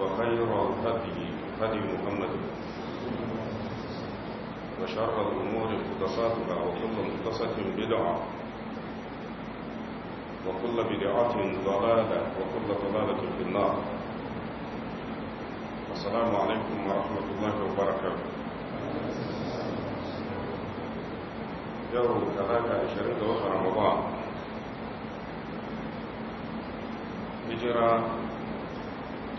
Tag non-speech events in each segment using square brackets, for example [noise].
وخير هدي هدي محمد وشر الأمور مقتصاتها وكل مقتصة بدعة وكل بدعة ضلالة وكل ضلالة في النار السلام عليكم ورحمة الله وبركاته يوم كذلك عشرين دوخة رمضان هجرة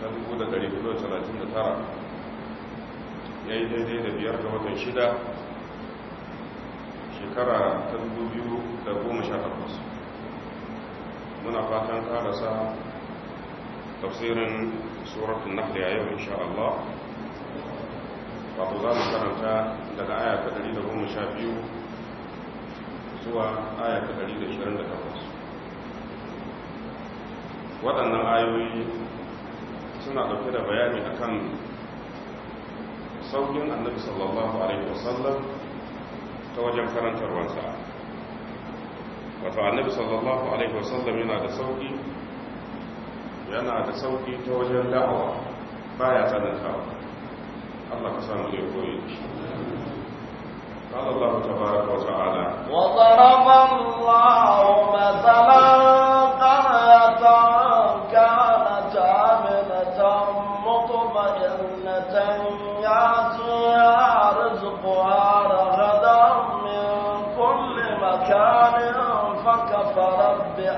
ta 1439 ya yi daidai da biyar ga watan shida shekara ta 2018 muna fatan karasa tafsirin suratun nahli a yau insha Allah wato za mu karanta daga aya ta 112 zuwa aya ta 128 waɗannan ayoyi suna ɗauke da bayani akan saukin annabi sallallahu alaihi wasallam ta wajen karantarwarsa wato annabi sallallahu alaihi wasallam yana da sauki yana da sauki ta wajen da'awa baya tsanantawa Allah ka samu da koyi قال الله تبارك وتعالى وضرب الله مثلا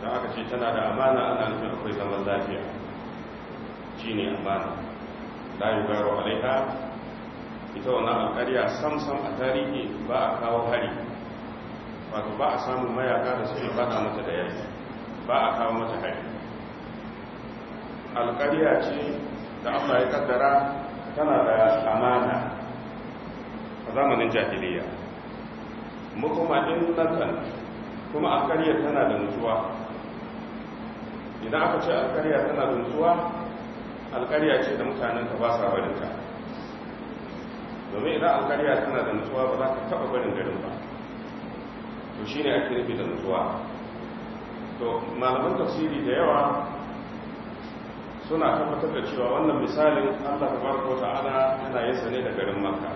da aka ce tana da amana ana nufin akwai zaman lafiya shi ne amana layu garo laika ita wannan alkariya samsam a tarihi ba a kawo hari wato ba a samun mayaka da suke fada mata da yaki ba a kawo mata hari alkariya ce da an ya kaddara tana da amana a zamanin jahiliya mutumadin kuma a tana da nutsuwa. idan aka ce alkarya tana nutsuwa? alkarya ce da mutanen ka ba sa barinta domin idan alkarya tana da nutsuwa ba za ka taba barin garin ba to shi ne ake nufi da nutsuwa to malaman tafsiri da yawa suna tabbatar da cewa wannan misalin allah ta barko ta'ala yana yin ne da garin maka.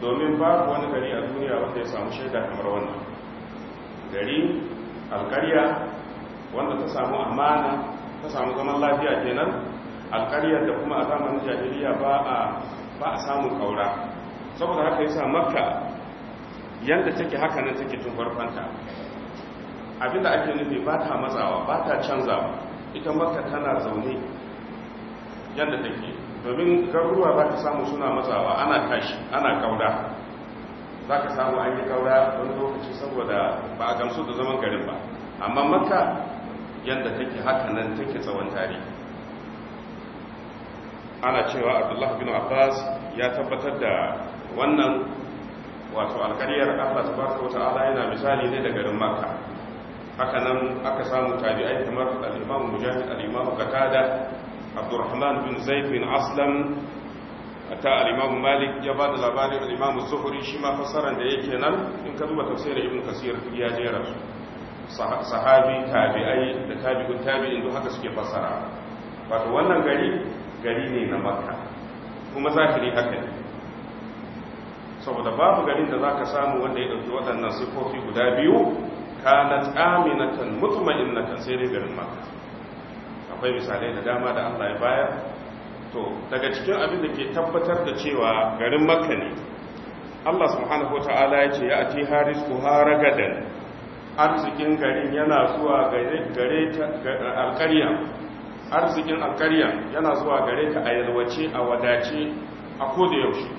domin babu wani gari a duniya wanda ya samu shaida kamar wannan gari alkarya wanda ta samu amana ta samu zaman lafiya kenan alƙaryar da kuma a zamanin jahiliya ba a ba a samun kaura saboda haka yasa makka yanda take haka nan take tun farfanta abinda ake nufi ba ta matsawa ba ta canza ita makka tana zaune yanda take domin garuruwa za ta samu suna matsawa ana tashi ana kaura za ka samu an yi kaura wani lokaci saboda ba a gamsu da zaman garin ba amma maka. yadda take hakanan nan take tsawon tarihi ana cewa abdullah bin abbas ya tabbatar da wannan wato alkariyar allah tabaraka ta'ala yana misali ne da garin makka haka aka samu tabi'ai kamar al-imam mujahid al-imam qatada abdurrahman bin zaid bin aslam ta al-imam malik ya ba da labarin al-imam zuhri shi ma fasaran da yake nan in ka duba tafsirin ibn kasir ya jera su sahabi tabi'ai da tabi'un tabi'in duk haka suke fassara wato wannan gari gari ne na makka kuma zahiri haka ne saboda babu garin da zaka samu wanda ya dauki waɗannan sifofi guda biyu kanat aminatan mutma'innatan sai dai garin makka akwai misalai da dama da Allah ya bayar to daga cikin abin da ke tabbatar da cewa garin makka ne Allah subhanahu wataala ya ce ya ati harisku haragadan arzikin garin yana zuwa gare alkarya arzikin alkarya yana zuwa gare ta a yalwace a wadace a koda yaushe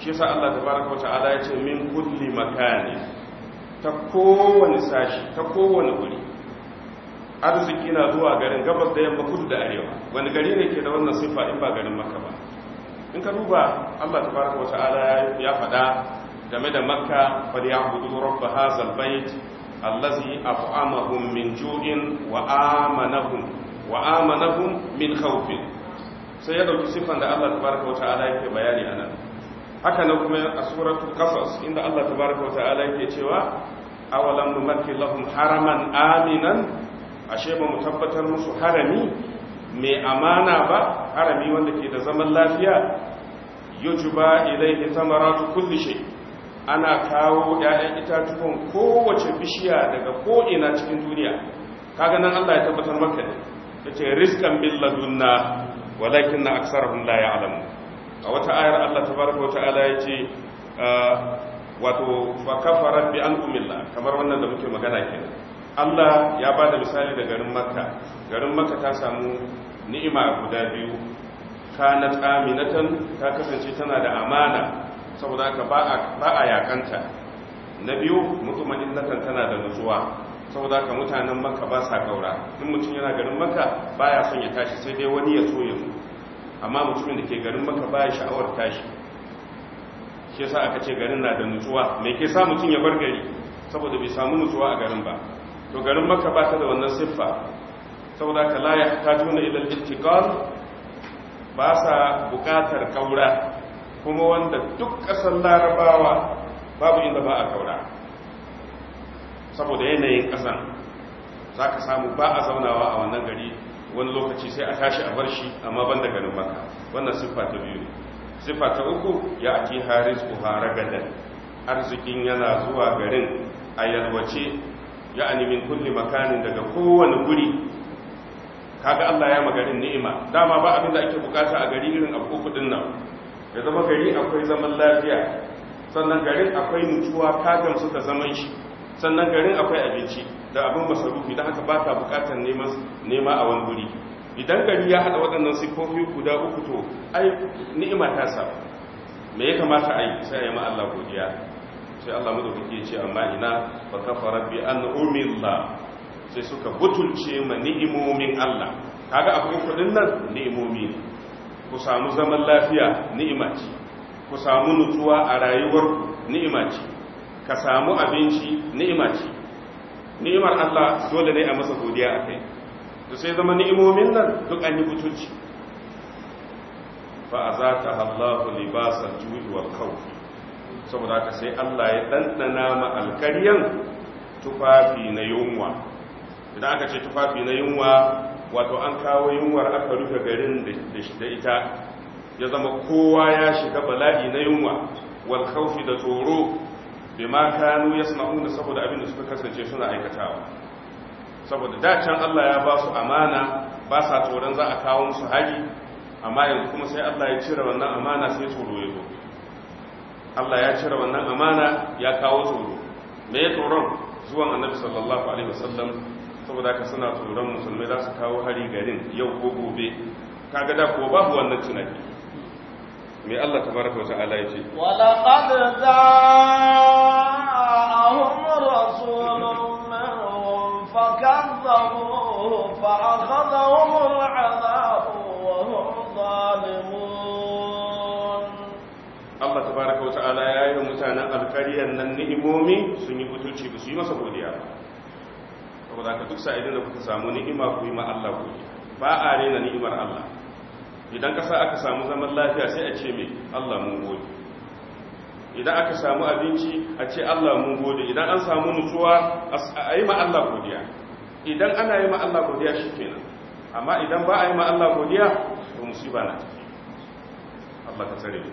shi sa Allah tabaraka wata'ala ya ce min kulli makani ta kowane sashi ta kowane wuri arziki na zuwa garin gabas da yamma kudu da arewa wani gari ne ke da wannan sifa in ba garin Makka ba in ka duba Allah tabaraka wata'ala ya faɗa game da makka ya ya'budu rabb hadzal bait allazi af'amahum min ju'in wa amanahum wa amanahum min khawfin sai ya dauki sifan da Allah tabaraka wa ta'ala yake bayani anan haka nan kuma a suratu qasas inda Allah tabaraka wa ta'ala yake cewa awalam numakkin lahum haraman aminan ashe ba mu tabbatar musu harami mai amana ba harami wanda ke da zaman lafiya yujba ilaihi thamaratu kulli shay ana kawo ‘ya'yan itatukan kowace bishiya daga ko'ina cikin duniya kaga nan Allah ya tabbatar maka ne ta ce riskan bin ladunna walakin na aksar la ya alamu a wata ayar Allah ta baraka wata ala ya ce ah, wato fakafarar bi an umilla kamar wannan da muke magana ke. Allah ya ba da misali da garin makka garin makka ta samu ni'ima guda biyu kanat aminatan ta kasance tana da amana saboda ka ba a yakanta na biyu mutumin natan tana da nutsuwa saboda ka mutanen maka ba sa gaura in mutum yana garin maka baya son ya tashi sai dai wani ya so ya amma mutumin da ke garin maka baya sha'awar tashi shi yasa aka ce garin na da nutsuwa me ke sa mutum ya bar gari saboda bai samu nutsuwa a garin ba to garin maka ba ta da wannan siffa saboda ka la ta tuna ilal ittiqal ba sa bukatar kaura kuma wanda duk ƙasar larabawa babu inda ba a kaura saboda yanayin ƙasan za ka samu ba a zaunawa a wannan gari wani lokaci sai a tashi a bar shi amma ban da ganin maka wannan siffa ta biyu siffa ta uku ya ake haris hara gadan arzikin yana zuwa garin a yalwace ya animin kulle makanin daga kowane guri kaga allah ya magarin ni'ima dama ba abin da ake bukata a gari irin abu nan ya zama gari akwai zaman lafiya sannan garin akwai mutuwa ta gamsu ta zaman shi sannan garin akwai abinci da abin masarufi da haka ba ta bukatar nema a wani guri idan gari ya haɗa waɗannan siffofi guda uku to ai ni'ima ta sa me ya kamata a yi sai ya ma Allah godiya sai Allah mu dauke ce amma ina fa kafara bi an umilla sai suka butulce ma ni'imomin Allah kaga akwai kudin nan ni'imomi ku samu zaman lafiya ni'ima ce ku samu nutsuwa a rayuwarku ni'ima ce ka samu abinci ni'ima ce ni'imar Allah dole ne a masa godiya a kai to sai zama ni'imomin nan duk an yi kutuci fa azata Allahu libasal ju'i wal khawf saboda ka sai Allah ya dandana ma alkaryan tufafi na yunwa idan aka ce tufafi na yunwa wato an kawo yunwar aka rufe garin da ita ya zama kowa ya shiga bala'i na yunwa wal khawfi da tsoro ma kanu da saboda abin da suka kasance suna aikatawa saboda da can Allah ya ba su amana ba sa tsoron za a kawo musu haji amma yanzu kuma sai Allah ya cire wannan amana sai tsoro ya zo Allah ya cire wannan amana ya kawo tsoro me ya tsoron zuwan annabi sallallahu alaihi wasallam saboda ka suna tsoron musulmai za su kawo hari garin yau ko gobe kaga da ko babu wannan tunani mai Allah ta baraka wata ya ce wala qad za'ahum rasulun minhum fakadzabu fa akhadhahum al'adabu wa hum zalimun Allah tabaraka wa ta'ala ya yi mutanen alkariyar nan ni'imomi sun yi butulci ba su yi masa godiya saboda ka duk sa'idin da kuka samu ni'ima ku yi ma Allah ku ba a rena ni'imar Allah idan kasa aka samu zaman lafiya sai a ce mai Allah mun gode idan aka samu abinci a ce Allah mun gode idan an samu nutsuwa a yi ma Allah godiya idan ana yi ma Allah godiya shi shikenan amma idan ba a yi ma Allah godiya to musiba na tafi Allah ka tsare mu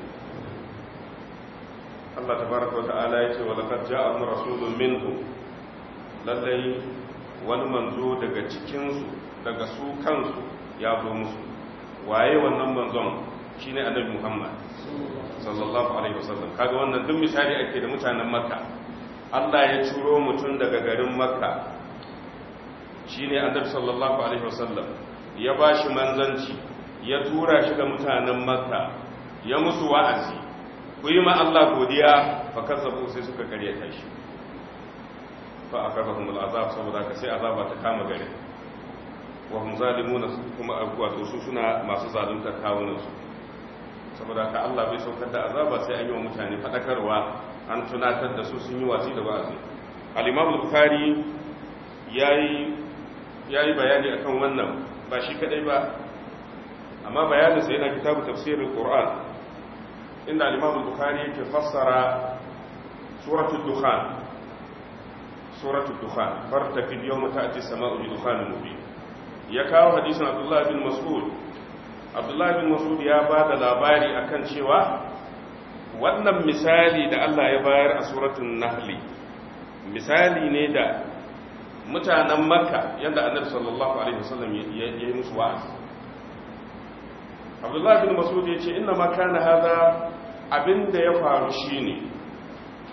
Allah tabaraka wa ta'ala yace wa laqad ja'akum rasulun minkum lallai wani manzo daga cikinsu daga su kansu ya zo musu waye wannan manzon shine annabi Muhammad sallallahu alaihi wasallam kaga wannan duk misali ake da mutanen Makka Allah ya ciro mutum daga garin Makka shine annabi sallallahu alaihi wasallam ya ba shi manzanci ya tura shi ga mutanen Makka ya musu wa'azi ku yi ma Allah godiya fa kasabu sai suka karyata shi fa akabahum al'azab saboda ka sai azaba ta kama gare wa hum zalimuna kuma wato su suna masu zalunta kawunan su saboda ka Allah bai saukar da azaba sai an yi wa mutane fadakarwa an tunatar da su sun yi wasi da wa'azi al-imam bukhari yayi yayi bayani akan wannan ba shi kadai ba amma bayanin sa yana kitabu tafsirul qur'an inda al-imam bukhari yake fassara suratul dukhan suratul dukhan fartaqib yawma ta'ti as-sama'u bi dukhanin mubin ya kawo hadisin Abdullah bin Mas'ud abdullahi bin Mas'ud ya bada labari akan cewa wannan misali da Allah ya bayar a suratul nahl misali ne da mutanen Makka yanda Annabi sallallahu alaihi wasallam ya yi musu wa'azi abdullahi bin Mas'ud ya ce inna ma kana hada abinda ya faru shine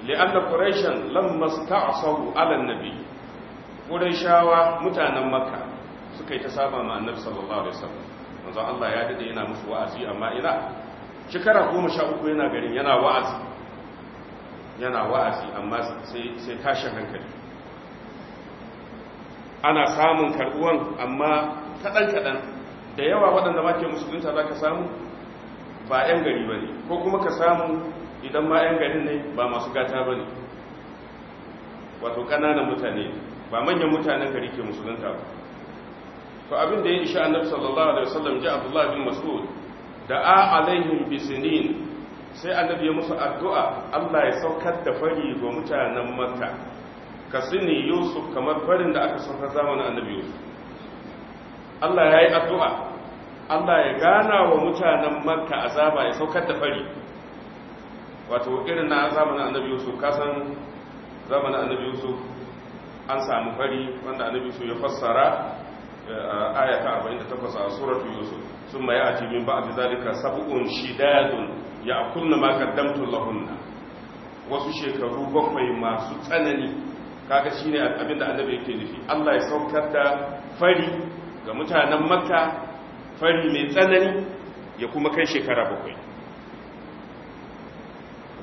li'anna quraishan lamma sta'asahu 'ala an-nabi quraishawa mutanen makka suka yi ta saba ma annabi sallallahu alaihi wasallam Allah ya dade yana musu wa'azi amma ina shekara 13 yana garin yana wa'azi yana wa'azi amma sai sai tashin hankali ana samun karbuwan amma kadan kadan da yawa waɗanda ma ke musulunta za ka samu ba 'yan gari ba ne. ko kuma ka samu idan ma 'yan garin ne ba masu gata ba ne wato ƙananan mutane ba manyan mutanen gari ke musulunta ba to abin da ya isha annabi sallallahu alaihi wasallam ji abdullahi bin mas'ud da a alaihim bisinin sai annabi ya musu addu'a Allah ya saukar da fari ga mutanen makka kasini yusuf kamar farin da aka saukar zamanin annabi yusuf Allah ya yi addu'a Allah ya gana wa mutanen makka azaba ya saukar da fari wato irin na zamanin annabi yusuf kasan zamanin annabi yusuf an samu fari wanda annabi yusuf ya fassara eh, ayata 48 a suratu yusuf sun mai ati min ba'd zalika sab'un shidadun kullu ma qaddamtu lahunna wasu shekaru bakwai masu tsanani kaga shine da annabi yake nufi Allah ya saukar da fari ga mutanen makka fari mai tsanani ya kuma kai shekara bakwai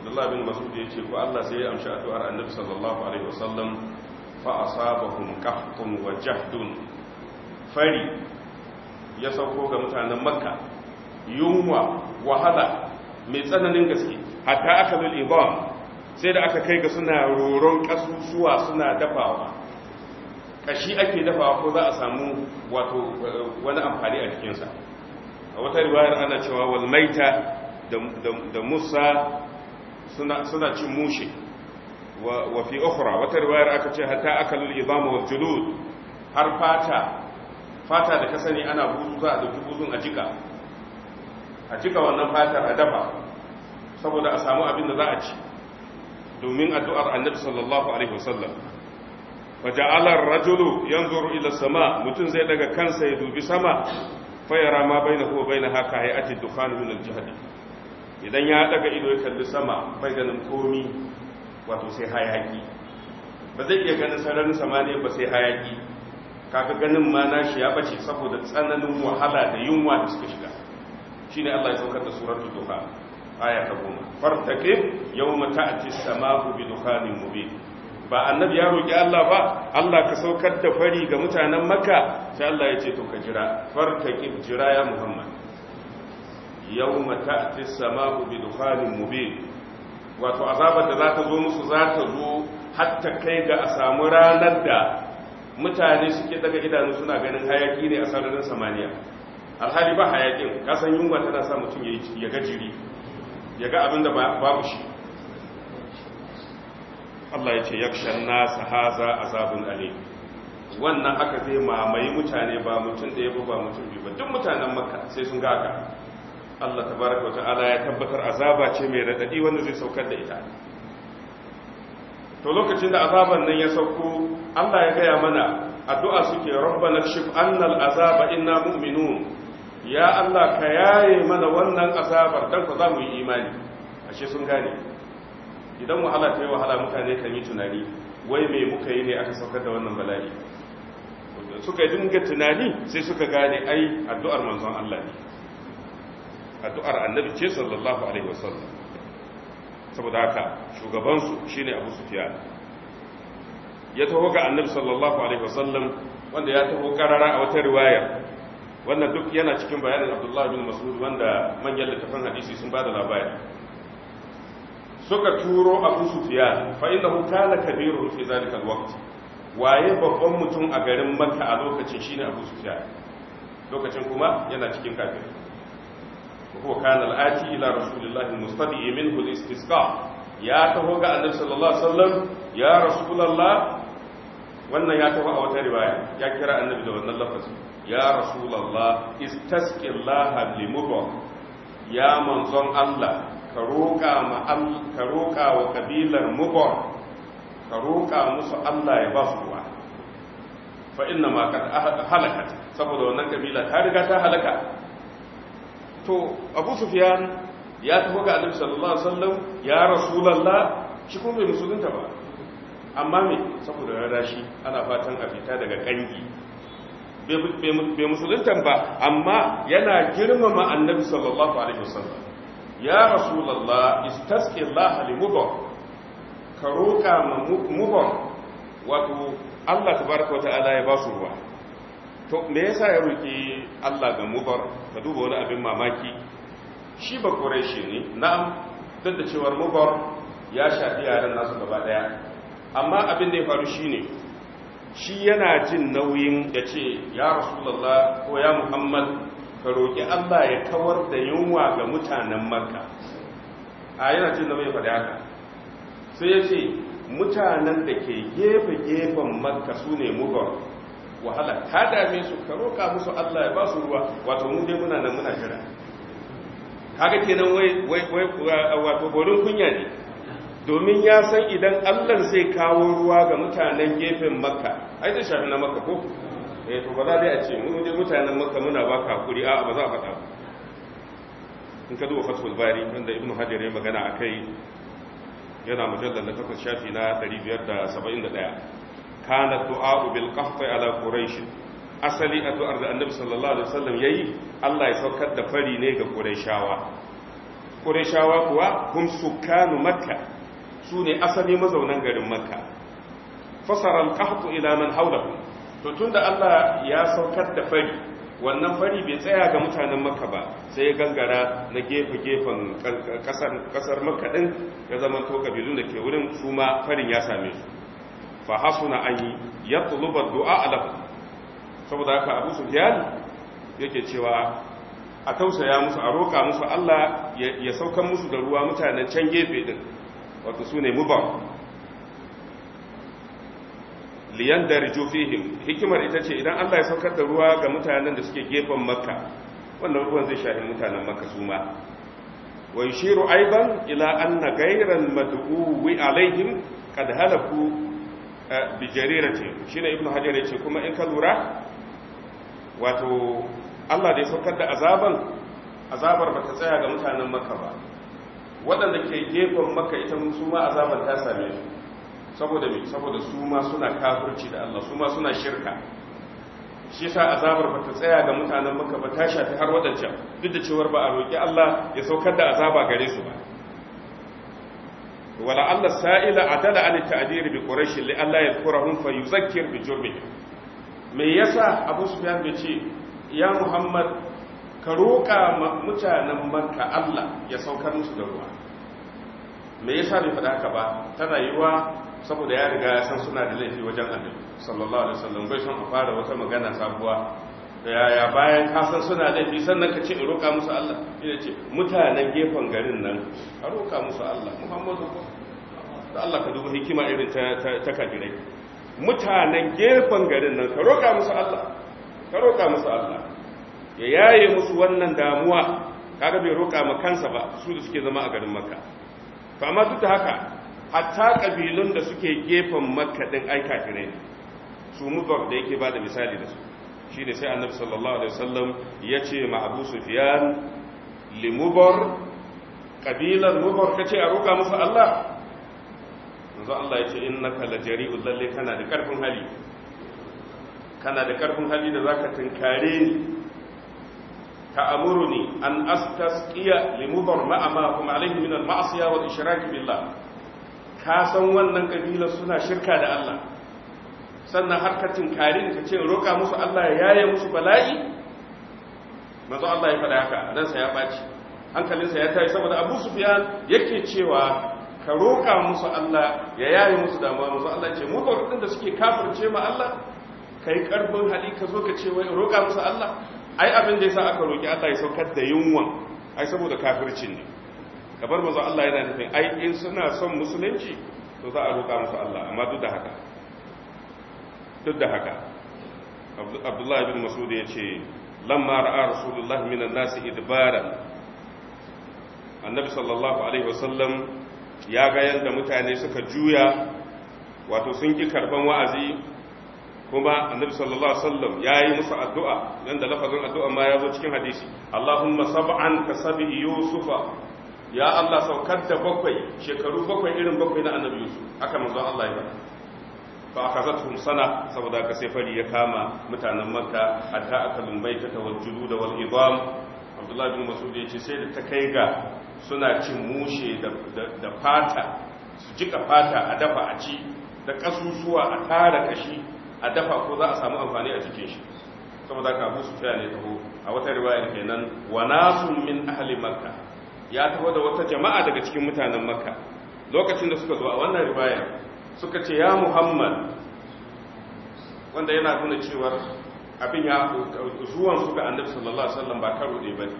abdullahi bin Mas'ud ya ce ko Allah sai ya amshi addu'ar Annabi sallallahu alaihi wasallam fa asabahum qahtun wa jahdun fari ya sauko ga mutanen Makka yunwa wahala mai tsananin gaske hatta aka lul ibam sai da aka kai ga suna roron kasusuwa suna dafawa kashi ake dafawa ko za a samu wato eh, wani amfani a cikinsa a wata riwayar ana cewa walmaita da musa suna cin mushe wa fi ukhra wata riwayar aka ce hatta akalul idam wal julud har fata fata da kasani sani ana buzu za a dauki buzun a jika a jika wannan fatar a dafa saboda a samu abin da za a ci domin addu'ar annabi sallallahu alaihi wasallam faja'alar rajulu yanzuru ila sama mutum zai daga kansa ya dubi sama fayara ma bainahu wa bainaha ka hay'ati dukhan min al-jahannam idan ya daga ido ya kalli sama bai ganin komi wato sai hayaki ba zai iya ganin sararin ne ba sai hayaki kaga ganin ma nashi ya bace saboda tsananin wahala da yunwa da suka shiga shine Allah ya saukar da suratul duha aya ta goma fartaqib yawma ta'ti as-sama'u bi dukhanin mubin ba annabi ya roki Allah ba Allah ka saukar da fari ga mutanen Makka sai Allah ya ce to ka jira fartaqib jira ya Muhammad Yau ta'ti as ku bi dukhanin mubin wato azabar da za ta zo musu za ta zo hatta kai ga a samu ranar da mutane suke daga idanu suna ganin hayaki ne a sararin samaniya alhali ba hayakin kasan yunwa tana sa mutum ya ga jiri ya ga abin da babu shi Allah ya ce yakshan nasa haza azabun ale wannan aka zai mamaye mutane ba mutum da ya ba mutum biyu ba duk mutanen maka sai sun gaka Allah tabaraka wa ta'ala ya tabbatar azaba ce mai radadi wanda zai saukar da ita to lokacin da azaban nan ya sauko Allah ya gaya mana addu'a suke rabbana shif annal azaba inna mu'minun ya Allah ka yaye mana wannan azabar dan ku za mu yi imani ashe sun gane idan wahala ta yi wahala mutane kan yi tunani wai me muka yi ne aka saukar da wannan bala'i suka yi dinga tunani sai suka gane ai addu'ar manzon Allah ne addu'ar annabi ce sallallahu alaihi wasallam saboda haka shugabansu shine abu sufiyan ya taho ga annabi sallallahu alaihi wasallam wanda ya taho karara a wata riwaya wannan duk yana cikin bayanin abdullahi bin mas'ud wanda manyan littafan hadisi sun bada labari suka turo abu sufiyan fa innahu kana kabirun fi zalika alwaqt waye babban mutum a garin makka a lokacin shine abu sufiyan lokacin kuma yana cikin kafirai huwa kana al'ati ila rasulillahi mustabi minhu al-istisqa ya taho ga annabi sallallahu alaihi wasallam ya rasulullah wannan ya taho a wata riwaya ya kira annabi da wannan lafazi ya rasulullah istasqillaha limudwa ya manzon Allah ka roƙa ma ka roƙa wa kabilar mudwa ka roƙa musu Allah ya ruwa fa inna ma kad saboda wannan kabila ta riga ta halaka to abu sufiyan ya tafi ga annabi sallallahu alaihi wasallam ya rasulullah shi kuma bai musulunta ba amma me saboda ya dashi ana fatan a fita daga kangi bai musulunta ba amma yana girmama annabi sallallahu alaihi wasallam ya rasulullah istasqi Allah limubar ka roƙa ma mubar wato Allah tabaraka wa ta'ala ya ba su ruwa to me yasa ya roki Allah ga Mubar ka duba wani abin mamaki shi ba shi ne na'am duk da cewar mubar ya shafi yaran nasu gaba daya amma abin da ya faru shine shi yana jin nauyin da ce ya rasulullah ko ya muhammad ka roki Allah ya kawar da yunwa ga mutanen makka a yana jin nauyin faɗi haka sai ya ce mutanen da ke gefe-gefen makka su ne Mubar. wahala ta dame su ka roƙa musu Allah ya ba su ruwa wato mu dai muna nan muna jira kaga kenan wai wai wato gorin kunya ne domin ya san idan Allah zai kawo ruwa ga mutanen gefen Makka ai da shafi na Makka ko eh to ba za dai a ce mu dai mutanen Makka muna baka kuri a ba za a faɗa in ka duba fatul Bari wanda ibnu Hajar ya magana akai yana mujallal na takwas shafi na 571 kana du'a bil qahfi ala quraish asali addu'ar da annabi sallallahu alaihi wasallam yayi Allah ya saukar da fari ne ga quraishawa quraishawa kuwa hum sukanu makka sune asali mazaunan garin makka fasara al qahfu ila man hawlahu to tunda Allah ya saukar da fari wannan fari bai tsaya ga mutanen makka ba sai ya gangara na gefe-gefen kasar makka din ya zama to kabilun da ke wurin su ma farin ya same su fa hasuna an yatluba du'a lafi saboda haka Abu su Sufyan yake cewa a tausaya musu a roƙa musu Allah ya saukan musu da ruwa mutanen can gefe din su ne mubam liyan da fihim hikimar ita ce idan Allah ya saukar da ruwa ga mutanen da suke gefen makka wannan ruwan zai shahin mutanen makka su ma wai shiru aiban ila gairan madu'u wi alaihim kada halaku Eh, bi jarirati shine ibnu hajar yace kuma in ka lura wato Allah da ya saukar da azaban azabar ba ta tsaya ga mutanen Makka ba waɗanda ke gefen Makka ita su ma azaban ta same su saboda me saboda su ma suna kafirci da Allah su ma suna shirka shi sa azabar ba ta tsaya ga mutanen Makka ba ta shafi har waɗancan duk da cewar ba a roƙi Allah ya saukar da azaba gare su ba wala Allah sa'ila adala an ta'dir bi quraish li alla yadhkurahum fa yuzakkir bi jurmihim me yasa Abu Sufyan bai ce ya Muhammad ka roka mutanen Makka Allah ya saukar musu da ruwa me yasa bai faɗa haka ba tana yiwa saboda ya riga ya san suna da laifi wajen Annabi sallallahu alaihi wasallam bai san a fara wata magana sabuwa da yaya bayan kasan suna laifi sannan ka ce in roƙa musu Allah ina ce mutanen gefen garin nan a roƙa musu Allah muhammadu da Allah ka dubu hikima irin ta kajirai mutanen gefen garin nan ka roƙa musu Allah ka roƙa musu Allah ya yaye musu wannan damuwa kaga bai roƙa ma kansa ba su da suke zama a garin makka to amma duk da haka hatta kabilun da suke gefen makka din ai kafirai su mudar da yake ba da misali da su Shi shine sai annabi sallallahu alaihi wasallam ce, ma Abu Sufyan limubar kabilar mubar ce a roka musu Allah Yanzu Allah yace innaka lajari'u lalle kana da karfin hali kana da ƙarfin hali da zaka tinkare ni ta'amuruni an astasqiya limubar ma'ama kuma alaihi min al-ma'siya billah ka san wannan kabilar suna shirka da Allah sannan har ka tinkari ka ce roƙa musu Allah ya yaye musu bala'i mazo Allah ya faɗa haka sa ya ɓaci hankalinsa ya tayi saboda Abu Sufyan yake cewa ka roƙa musu Allah ya yaye musu damuwa mazo Allah ce mu ba da suke kafirce ma Allah kai karbin hali ka zo ka ce wai roƙa musu Allah ai abin da yasa aka roƙi Allah ya saukar da yunwan ai saboda kafircin ne kabar mazo Allah yana nufin ai in suna son musulunci to za a roƙa musu Allah amma duk da haka duk da haka abdullahi bin Masudu ya ce lamma ra'a rasulullahi minan nasi idbaran annabi sallallahu alaihi wasallam ya ga yanda mutane suka juya wato sun ki karban wa'azi kuma annabi sallallahu alaihi wasallam yayi musu addu'a yanda lafazin addu'a ma ya zo cikin hadisi Allahumma sab'an ka yusufa ya Allah saukar da bakwai shekaru bakwai irin bakwai na annabi yusuf aka manzo Allah ya faɗa fa akhazatuhum sana saboda ka sai fari ya kama mutanen makka hatta akalun ta tawal julud wal idam abdullah bin mas'ud yace sai da ta kai ga suna cin mushe da fata su jika fata a dafa a ci da kasusuwa a tara kashi a dafa ko za a samu amfani a cikin shi saboda ka Abu Sufyan ne taho a wata riwayar kenan wa nasun min ahli makka ya taho da wata jama'a daga cikin mutanen makka lokacin da suka zo a wannan riwayar suka ce ya muhammad wanda yana nuna cewar abin ya zuwan su ga annabi sallallahu alaihi wasallam ba karo ne bane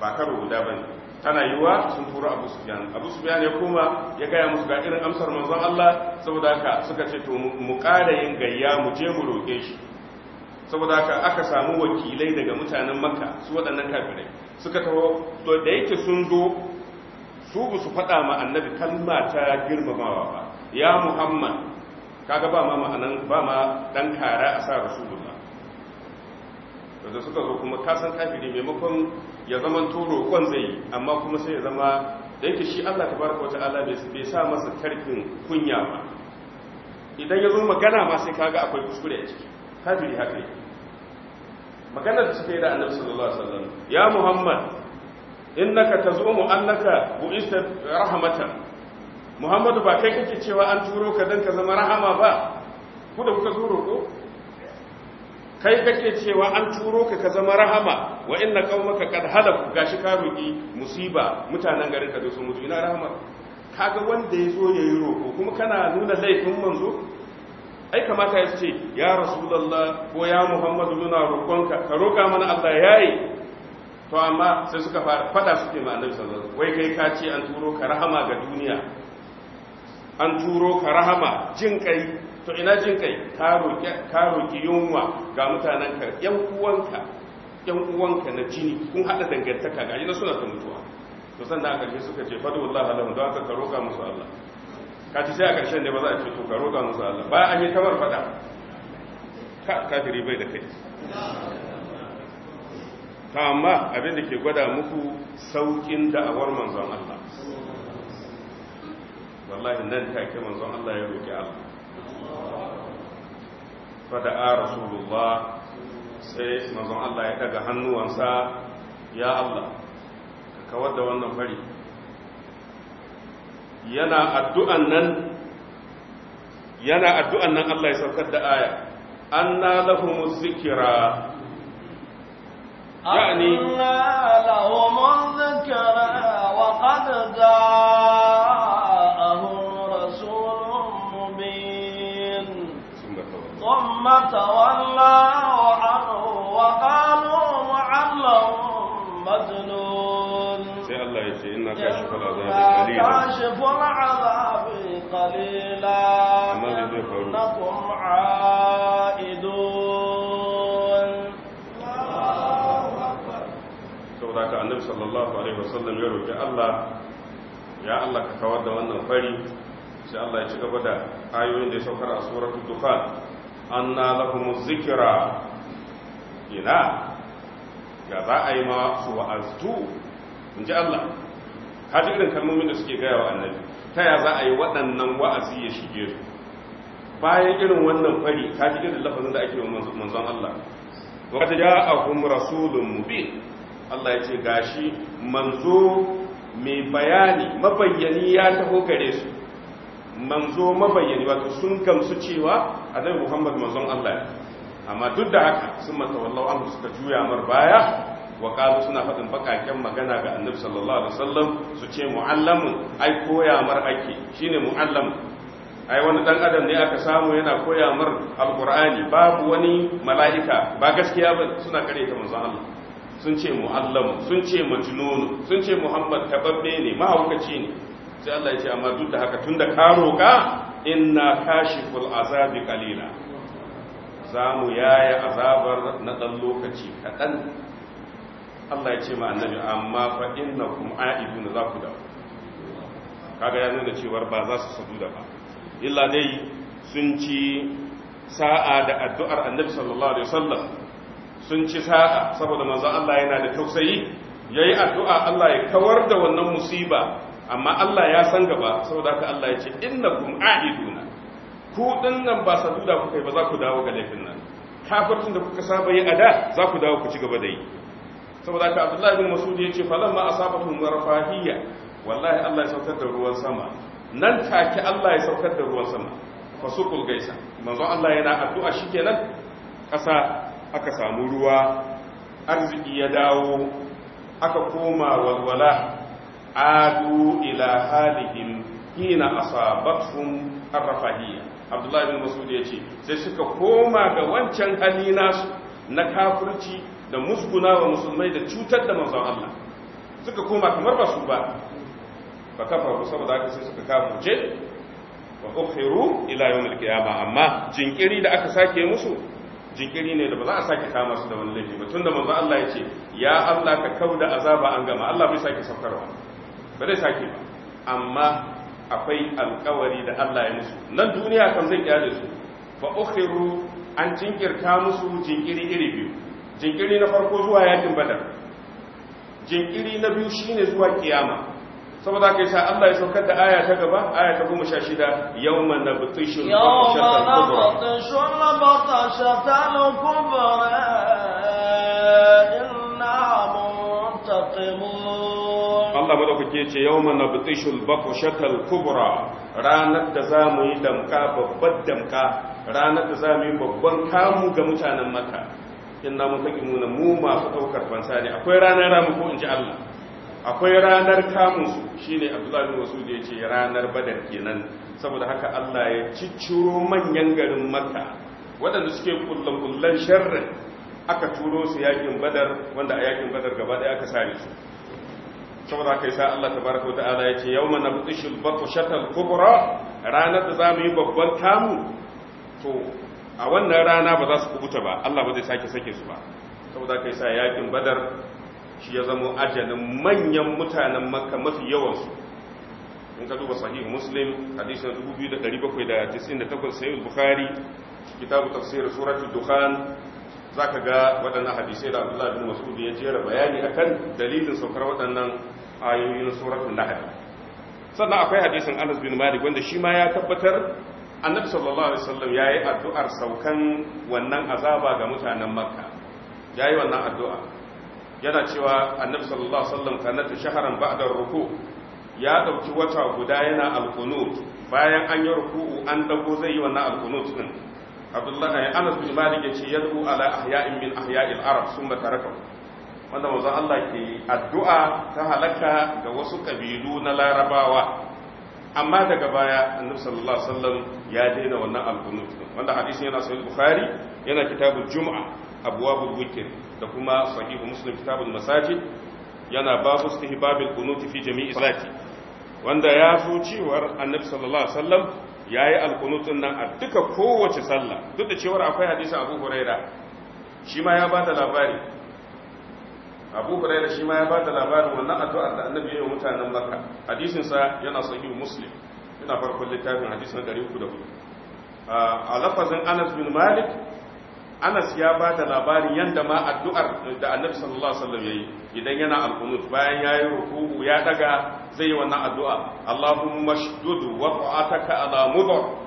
ba karo guda bane tana yiwa sun turo abu sufyan abu sufyan ya koma ya gaya musu ga irin amsar manzon Allah saboda haka suka ce to mu kada yin gayya mu je mu roke shi saboda haka aka samu wakilai daga mutanen makka su waɗannan kafirai suka taho to da yake sun zo su ba su faɗa ma annabi kalma ta girmamawa ba ya muhammad kaga ba ma ma'anan ba ma dan kara a sa rasulullah da suka zo kuma kasan kafiri maimakon ya zama toro roƙon zai amma kuma sai ya zama da yake shi Allah tabaraka wata'ala bai sa masa tarkin kunya ba idan ya zo magana ma sai kaga akwai kuskure a ciki kafiri haka yake maganar da suka yi da annabi sallallahu alaihi wasallam ya muhammad innaka tazumu annaka bu'ista rahmatan muhammadu ba kai kake cewa an turo ka dan ka zama rahama ba ku da kuka zuro ko kai kake cewa an turo ka ka zama rahama wa inna qaumaka qad halaku gashi ka roki musiba mutanen garin ka su mutu ina rahama kaga wanda yazo yayi roko kuma kana nuna laifin manzo ai kamata ya ce ya rasulullah ko ya muhammadu muna roƙonka ka roka mana Allah yayi to amma sai suka fara fada suke ma annabi sallallahu alaihi wasallam wai kai ka ce an turo ka rahama ga duniya an turo ka rahama jin kai to ina jin kai ka roki ka roki yunwa ga mutanen ka yan uwanka yan uwanka na jini kun hada dangantaka ga yana suna ta mutuwa to sannan a ce suka ce fadu wallahi alahu don haka ka roka musu Allah ka ci sai a karshen ne ba za a ce to ka roka musu Allah ba an yi kamar fada kafiri bai da kai ta amma abin da ke gwada muku saukin da'awar manzon Allah wallahi nan take manzon Allah ya roki Allah fada'a rasulullah sai manzon Allah ya daga hannuwansa ya Allah ka kawar da wannan fari yana addu'an nan yana addu'an nan Allah ya saukar da aya anna lahumuz zikra يعني لهم الذكرى وقد جاءهم رسول مبين ثم تولوا عنه وقالوا معلم مجنون الله إن كاشف العذاب قليلا كاشف العذاب قليلا إنكم عائلون saboda haka annabi sallallahu alaihi wasallam ya roki Allah ya Allah ka kawar da wannan fari sai Allah ya ci gaba da ayoyin da ya saukar a suratul dukhan anna lahumuz zikra ina ya za a yi ma su wa'aztu in ji Allah har irin kalmomin da suke gaya wa annabi ta ya za a yi waɗannan wa'azi ya shige su bayan irin wannan fari ta ji irin lafazin da ake wa manzon Allah wa qad ja'akum rasulun mubin Allah ya ce gashi manzo mai bayani mabayyani ya taho gare su manzo mabayyani wato sun gamsu cewa annabi Muhammad manzon Allah amma duk da haka sun mata wallahu an suka juya mar baya wa suna fadin bakaken magana ga annabi sallallahu alaihi wasallam su ce muallamu ai koya mar ake shine muallamu ai wani dan adam ne aka samu yana koya mar alqur'ani babu wani mala'ika ba gaskiya ba suna kare ta manzon Allah sun ce mu'allamu sun ce majnunu sun ce muhammad tababbe ne mahaukaci ne sai Allah ya ce amma duk da haka tunda ka roka inna kashiful azabi qalila zamu yaya azabar na dan lokaci kadan Allah ya ce ma annabi amma fa innakum aibuna za ku dawo kaga ya nuna cewar ba za su sadu da ba illa dai sun ci sa'a da addu'ar annabi sallallahu alaihi wasallam sun ci sa'a saboda manzon Allah yana da tausayi yayi addu'a Allah ya kawar da wannan musiba amma Allah ya san gaba saboda haka Allah ya ce innakum a'iduna ku nan ba saduda kuka yi ba za ku dawo ga laifin nan kafircin da kuka saba yi a da za ku dawo ku ci gaba da yi saboda haka Abdullahi bin Mas'ud ya ce falamma asabatuhum rafahiyya wallahi Allah ya saukar da ruwan sama nan take Allah ya saukar da ruwan sama fasukul gaisa manzo Allah yana addu'a shikenan ƙasa aka samu ruwa arziki ya dawo aka koma walwala adu ila halihim hina asabatkum arrafahiyya abdullahi bin mas'ud yace sai suka koma ga wancan hali nasu na kafirci da muskuna wa musulmai da cutar da manzon Allah suka koma kamar ba su ba fa kafaru saboda haka sai suka kafirce wa ukhiru ila yawmil qiyamah amma jinkiri da aka sake musu jinkiri ne da ba za a sake kama su da wani laifi ba tunda manzo Allah ya ce ya Allah ka kauda azaba an gama Allah bai sake saukarwa ba zai sake ba amma akwai alkawari da Allah ya musu nan duniya kan zai kyale su fa ukhiru an jinkirta musu jinkiri iri biyu jinkiri na farko zuwa yakin badar jinkiri na biyu shine zuwa kiyama saboda ka sa, Allah ya saukar da aya ta gaba aya ta 16 yawman nabtishu Allah kubra da kuke Allah ce yawma nabtishu al kubra ranar da zamu yi damka babbar damka ranar da zamu yi babban kamu ga mutanen Makka inna muntaqimun mu masu daukar fansa ne akwai ranar ramu ko inji Allah akwai ranar kamun su shine abdullahi bin mas'ud ya ce ranar badar kenan saboda haka Allah ya cicciro manyan garin makka waɗanda suke kullun kullun sharrin aka turo su yakin badar wanda a yakin badar gaba daya aka sare su saboda haka sa Allah tabaraka wataala yace yawma nabtishul batshatal kubra ranar da zamu yi babban kamu to a wannan rana ba za su kubuta ba Allah ba zai sake sake su ba saboda haka sa yakin badar shi ya zama ajalin manyan mutanen makka mafi yawansu in ka duba sahihu muslim hadisi na 2798 sayyid bukhari kitabu tafsir suratul dukhan zaka ga wadannan hadisi da Abdullah bin Mas'ud ya jera bayani akan dalilin saukar waɗannan ayoyin suratul nahl sannan akwai hadisin Anas bin Malik wanda shi ma ya tabbatar Annabi sallallahu alaihi wasallam yayi addu'ar saukan wannan azaba ga mutanen Makka yayi wannan addu'a yana cewa annabi sallallahu alaihi wasallam shaharan ba'da ruku ya dauki wata guda yana alqunut bayan an yi ruku'u an dago zai yi wannan alqunut din abdullahi anas bin malik yace yad'u ala ahya'in min ahya'il arab summa tarakahu wanda manzon Allah ke addu'a ta halaka ga wasu kabilu na larabawa amma daga baya annabi sallallahu alaihi wasallam ya daina wannan alqunut wanda hadisin yana sahih bukhari yana kitabul juma'a. abwabul witr da kuma sahihu muslim kitabul masajid yana babu istihbabil qunut fi jami'i salati wanda ya so cewar annabi sallallahu alaihi wasallam yayi alqunutun nan a duka kowace sallah duk da cewar akwai hadisi Abu Huraira shi ma ya bada labari Abu Huraira shi ma ya bada labarin wannan addu'ar da annabi ya yi mutanen Makka hadisin sa yana sahihu muslim yana farkon littafin hadisi hadisin 304 a lafazin Anas bin Malik anas ya ba da labarin yadda ma addu'ar da annabi sallallahu alaihi wasallam yi idan yana alqunut bayan ya yi ruku'u ya daga zai yi wannan addu'a allahumma shdud wa qa'ataka ala mudar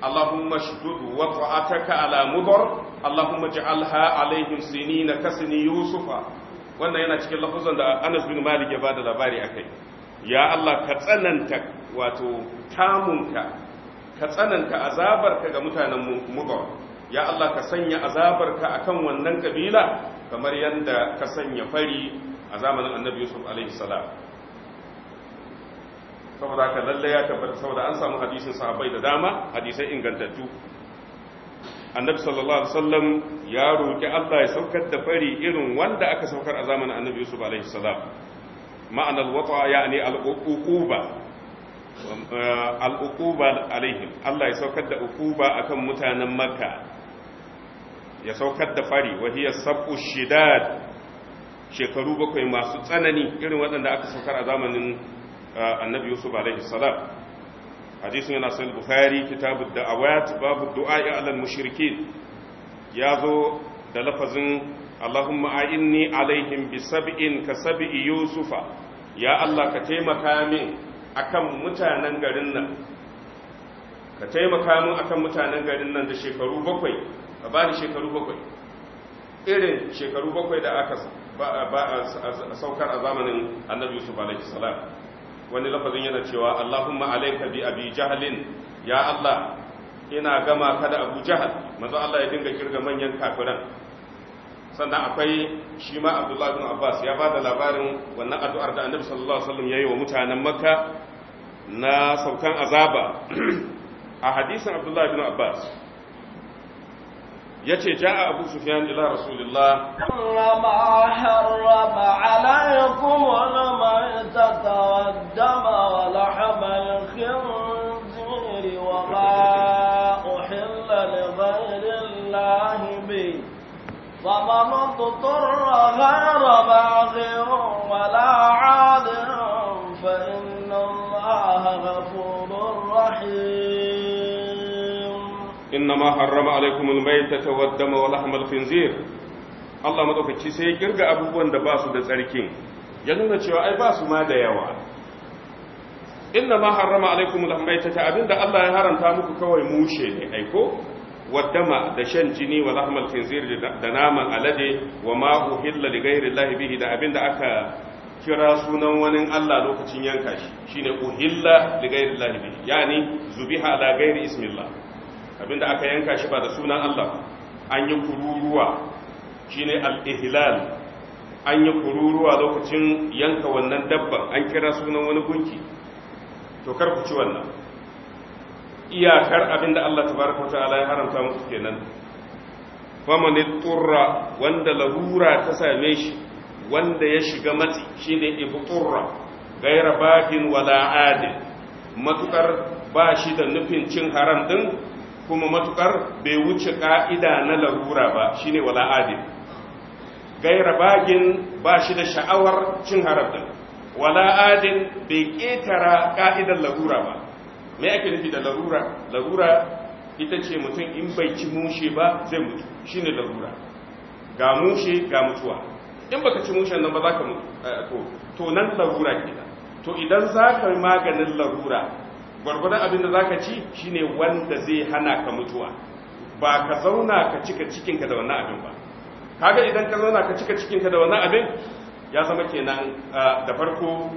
اللهم اشدد وطعتك على مضر اللهم اجعلها عليهم سنين كسن يوسف wannan yana cikin lafazan da Anas bin Malik ya ba da labari akai ya Allah ka tsananta wato tamunka ka tsananta azabarka ga mutanen mudar ya Allah ka sanya azabarka akan wannan kabila kamar yadda ka sanya fari a zamanin annabi yusuf alaihi salam saboda ka lalle ya tabbata saboda an samu hadisin sahabbai da dama hadisai ingantattu annabi sallallahu alaihi wasallam ya roki Allah ya saukar da fari irin wanda aka saukar a zamanin annabi yusuf alaihi salam ma'anar wata ya al-uquba um, uh, al'ukuba alaihim Allah ya saukar da ukuba akan mutanen makka ya saukar da fari wahiyar sabu shidad shekaru bakwai masu tsanani irin waɗanda aka saukar a zamanin annabi yusuf alaihi salam hadisin yana sahih bukhari kitabu awayat babu ya alal ya zo da lafazin allahumma a'inni alaihim bi sab'in ka sab'i yusufa ya allah ka taimaka min akan mutanen garin nan ka taimaka min akan mutanen garin nan da shekaru bakwai a ni shekaru bakwai irin shekaru bakwai da aka saukar a zamanin annabi yusuf alaihi salam wani lafazin yana cewa allahumma alaika bi abi jahalin ya allah ina gama ka da abu jahal manzo allah ya dinga kirga manyan kafiran sannan akwai shi ma abdullahi bin abbas ya ba da labarin wannan addu'ar da annabi sallallahu alaihi wasallam ya yi wa mutanen makka na saukan azaba [clears throat] a hadisin abdullahi bin abbas yace ja'a abu sufyan ila rasulullah ma harrama alaykum wa ma tatawaddama wa lahma al-khinzir wa ma uhilla li ghayri allah bi فمن اضطر غير باغ ولا عاد فإن الله غفور رحيم إنما حرم عليكم الميتة والدم ولحم الخنزير Allah madaukaki sai ya kirga abubuwan da basu da tsarkin ya nuna cewa ai basu ma da yawa inna ma harrama alaikum al-maytata abinda Allah ya haramta muku kawai mushe ne aiko waddama da shan jini wa lahmal khinzir da naman alade wa ma uhilla li ghairi llahi bihi da abinda aka kira sunan wani Allah lokacin yanka shi shine uhilla li ghairi llahi bihi yani zubiha ala ghairi abinda aka yanka shi ba da sunan Allah an yi kururuwa shine al-ihlal an yi kururuwa lokacin yanka wannan dabba, an kira sunan wani gunki to kar ku ci wannan iyakar abinda Allah tabaraka ta'ala ya haramta muku kenan faman turra wanda lahura ta same shi wanda ya shiga matsi shine ibturra gaira bakin wala adil matukar ba shi da nufin cin haram din kuma matukar bai wuce ka'ida na larura ba shine wala adil gaira bagin ba shi da sha'awar cin haram wala adil bai ƙetara ka'idar larura ba me ake nufi da larura larura ita ce mutum in bai ci mushe ba zai mutu shine larura ga mushe ga mutuwa in baka ci mushe nan ba za ka mutu eh, to nan larura kenan to idan za ka maganin larura gwargwadon abin da za ka ci shi ne wanda zai hana ka mutuwa ba ka zauna ka cika cikinka da wannan abin ba kaga idan ka zauna ka cika cikinka da wannan abin ya zama kenan da farko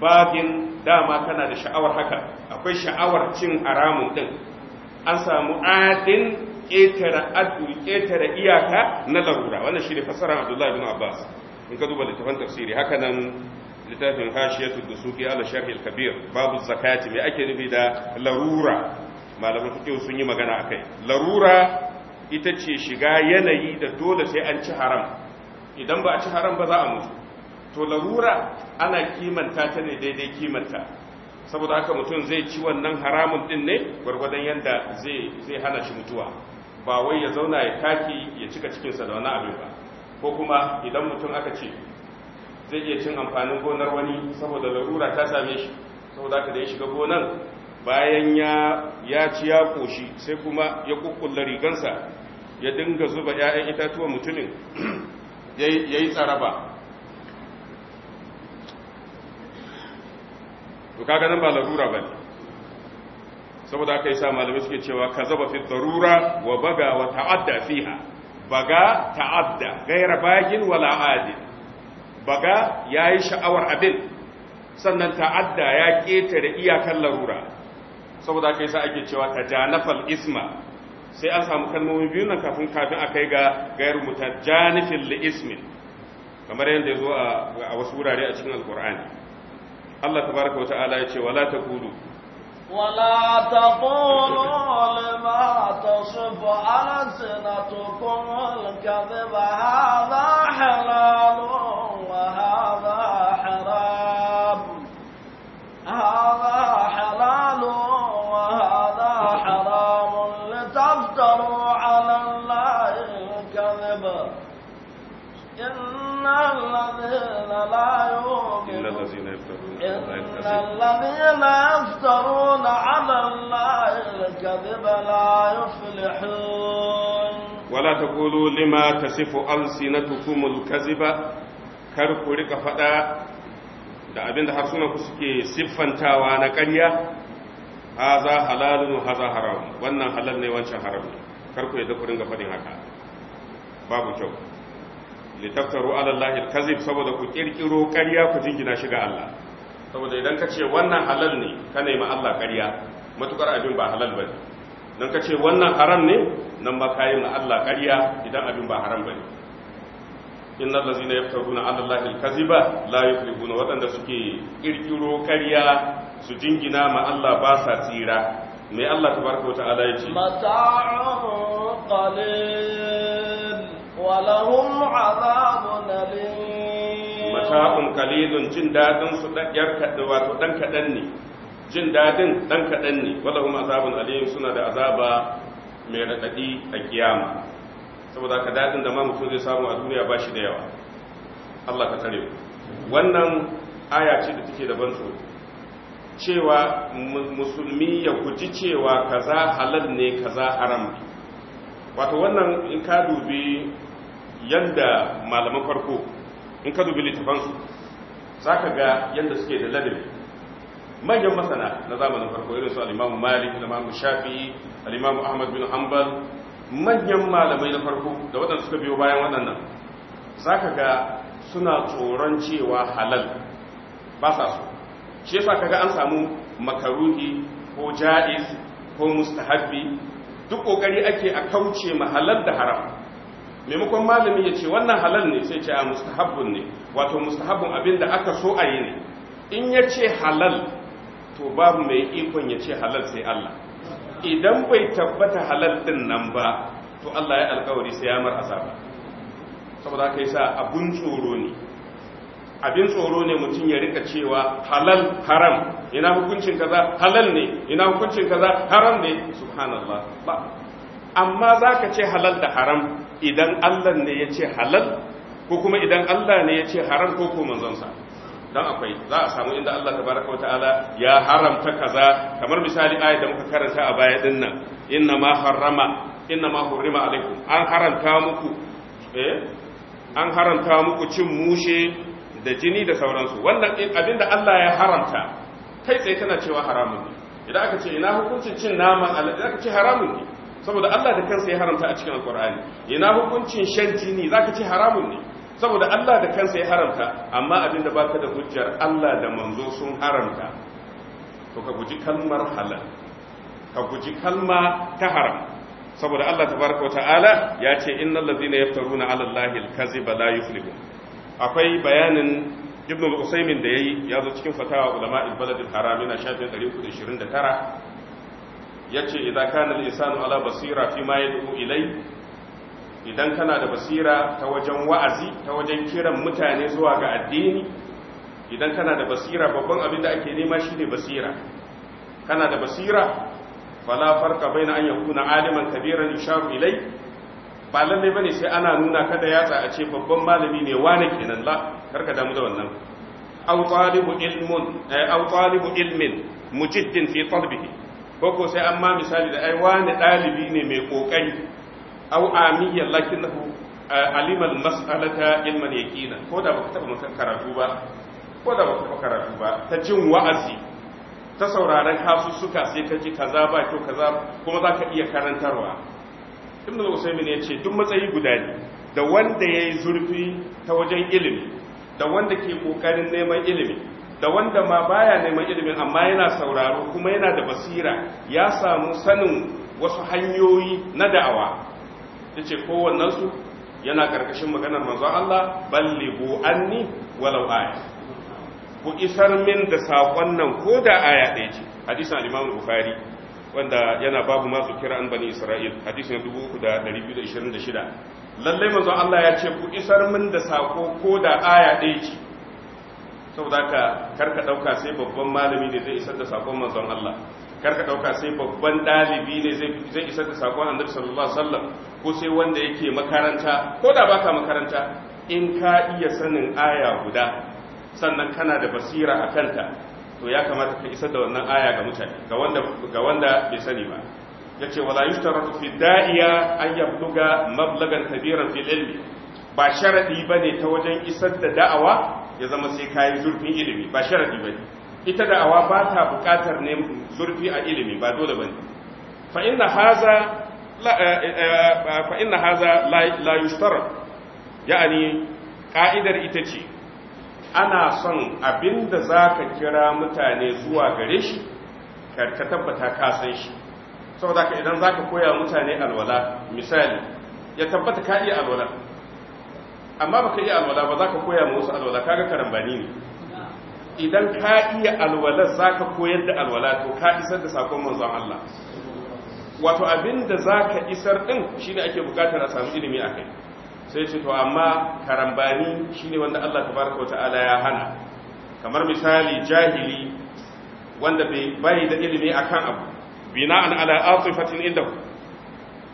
babin dama kana da sha'awar haka akwai sha'awar cin haramun din an samu adin ƙetare adu ƙetare iyaka na larura wannan shi ne fasarar abdullahi bin abbas in ka duba littafin tafsiri haka nan littafin hashiyatu dusuki ala sharh al-kabir babu zakati me ake nufi da larura Malamin fiqh sun yi magana akai larura ita ce shiga yanayi da dole sai an ci haram idan ba a ci haram ba za a mutu to larura ana kimanta ta ne daidai kimanta saboda haka mutum zai ci wannan haramun din ne gwargwadon yadda zai zai hana shi mutuwa ba wai ya zauna ya kaki ya cika cikinsa da wani abin ba ko kuma idan mutum aka ce zai iya cin amfanin gonar wani saboda larura ta same shi saboda haka da ya shiga gonar bayan ya ci ya koshi sai kuma ya kukkulla rigansa ya dinga zuba 'ya'yan itatuwa mutumin [clears throat] ya yi tsaraba kaga nan ba larura ba saboda aka yi sa malamai suke cewa ka zaba fi darura wa baga wa ta'adda fiha baga ta'adda gaira bagin wala adil baga ya yi sha'awar abin sannan ta'adda ya ƙetare iyakar larura saboda aka yi sa ake cewa ta janafal isma sai an samu kalmomi biyu nan kafin kafin a kai ga gayar mutan janifin li kamar yadda ya zo a wasu wurare a cikin alkur'ani allah Ta baraka wa ta'ala ya ce wala ta kudu Wala ta ta ولا تقولوا لما تصف ألسنتكم الكذب هذا حلال هذا حرام هذا حلال وهذا حرام لتفتروا على الله الكذب إن الذين لا يؤمنون إن الذين يفترون على الله الكذب لا يفلحون ولا تقولوا لما تصف ألسنتكم الكذب kar ku rika faɗa da abinda harsunanku suke siffantawa na ƙarya haza halalun haza haram wannan halal ne wancan haram ne kar ku yadda ku ringa faɗin haka babu kyau litaftaru ala Allah kazib saboda ku kirkiro ƙarya ku jingina shi ga Allah saboda idan ka ce wannan halal ne ka nemi Allah ƙarya matukar abin ba halal bane dan ka ce wannan haram ne nan ka kayi ma Allah ƙarya idan abin ba haram bane innal ladzina yaftaruna 'ala allahi Alkaziba, kadhiba la yuflihuna wadanda suke kirkiro ƙarya su jingina ma Allah ba sa tsira me Allah tabaraka wata'ala yace mata'un qalil wa lahum 'adabun alim mata'un qalilun jin dadin su dan yar wato dan kadan ne jin dadin dan kadan ne wa lahum 'adabun alim suna da azaba mai radadi a kiyama saboda ka dadin da ma mutum zai samu a duniya ba shi da yawa Allah ka tare wannan aya ce da take da banto cewa musulmi ya guji cewa kaza halal ne kaza haram wato wannan in ka dubi yadda malaman farko in ka dubi littafansu za ka ga yadda suke da ladabi manyan masana na zamanin farko irin su al-Imam malik Shafi'i, shafi imam ahmad bin hanbal manyan malamai na farko da waɗanda suka biyo bayan waɗannan za ka ga suna tsoron cewa halal ba sa so shi yasa kaga an samu makaruhi ko ja'iz ko mustahabbi duk kokari ake a kauce ma halal da haram maimakon malami ya ce wannan halal ne sai ce a mustahabbun ne wato mustahabbun abin da aka so a yi ne in ya ce halal to babu mai ikon ya ce halal sai Allah idan bai tabbata halal nan ba to Allah ya alkawari sai ya mar asaba saboda kai sa abun tsoro ne abin tsoro ne mutum ya rika cewa halal haram ina hukuncin kaza halal ne ina hukuncin kaza haram ne subhanallah ba amma zaka ce halal da haram idan Allah ne ya ce halal ko kuma idan Allah ne ya ce haram ko ko manzon sa dan akwai za a samu inda Allah tabaraka wa ta'ala ya haramta kaza kamar misali ayat da muka karanta a baya din nan inna ma harrama inna ma hurrima alaikum an haramta muku eh an haramta muku cin mushe da jini da sauransu wannan abinda Allah ya haramta kai tsaye kana cewa haramun ne idan aka ce ina hukuncin cin naman idan aka ce haramun ne saboda Allah da kansa ya haramta a cikin alqur'ani ina hukuncin shan jini zaka ce haramun ne saboda Allah da kansa ya haramta amma abinda baka da hujjar Allah da manzo sun haramta to ka guji kalmar halal ka guji kalma ta haram saboda Allah tabaraka wata'ala ya ce innal ladina yaftaruna 'ala Allahi al la yuflihun akwai bayanin ibn al-usaymin da yayi ya zo cikin fatawa ulama al-balad al-haram yana shafin 329 yace idza kana al-insanu ala basira fi ma yad'u ilayhi idan kana da basira ta wajen wa'azi ta wajen kiran mutane zuwa ga addini idan kana da basira babban abin da ake nema shine basira kana da basira fala farka baina an yakuna aliman kabiran yusharu ilai ba lalle bane sai ana nuna kada yatsa a ce babban malami ne wani kenan la karka damu da wannan aw talibu ilmun eh, aw talibu ilmin mujiddin fi talbihi ko ko sai amma misali da ai wani dalibi ne mai kokari aw amiya lakinnahu alima masalata ilman yaqina ko da baka taba maka karatu ba ko da baka taba karatu ba ta jin wa'azi ta sauraron suka sai ka ji kaza ba kyau kaza kuma zaka iya karantarwa ibnu usaymin ya duk matsayi guda ne da wanda yayi zurfi ta wajen ilimi da wanda ke kokarin neman ilimi da wanda ma baya neman ilimi amma yana sauraro kuma yana da basira ya samu sanin wasu hanyoyi na da'awa tace ce su yana karkashin maganar manzon Allah bu anni walau aya ku isar min da sakon nan ko da aya ɗaya ce hadisin al-Imam Bukhari wanda yana babu masu kira an bani Isra'il hadisin 3226 Lallai manzon Allah ya ce ku isar min da sako ko da aya ɗaya ce saboda ka karka ɗauka sai babban malami ne zai isar da sakon manzon Allah karka dauka sai babban dalibi ne zai isar da sakon annabi sallallahu alaihi wasallam ko sai wanda yake makaranta ko da baka makaranta in ka iya sanin aya guda sannan kana da basira a kanta to ya kamata ka isar da wannan aya ga mutane ga wanda ga wanda bai sani ba yace wala yushtaratu fi da'iya an yabluga mablagan kabiran fil ilmi ba sharadi bane ta wajen isar da da'awa ya zama sai kayi zurfin ilimi ba sharadi bane ita da'awa ba ta buƙatar ne zurfi a ilimi ba dole ba ne fa'in na haza la eh, eh, eh, ya'ani ƙa'idar ita ce ana son abin da za ka kira mutane zuwa gare shi ka tabbata ka san shi saboda ka idan za ka koya mutane alwala misali ya tabbata ka iya alwala amma ba ka iya alwala ba za ka koya musu alwala kaga karambani ne idan ka iya alwala ka koyar da alwala to ka isar da sakon manzon Allah wato abin da za ka isar din shine ake bukatar a sami ilimi a kai sai ce to amma karambani shine wanda Allah tabaraka wa ta'ala ya hana kamar misali jahili wanda bai bai da ilimi a kan abu bina an ala atifatin inda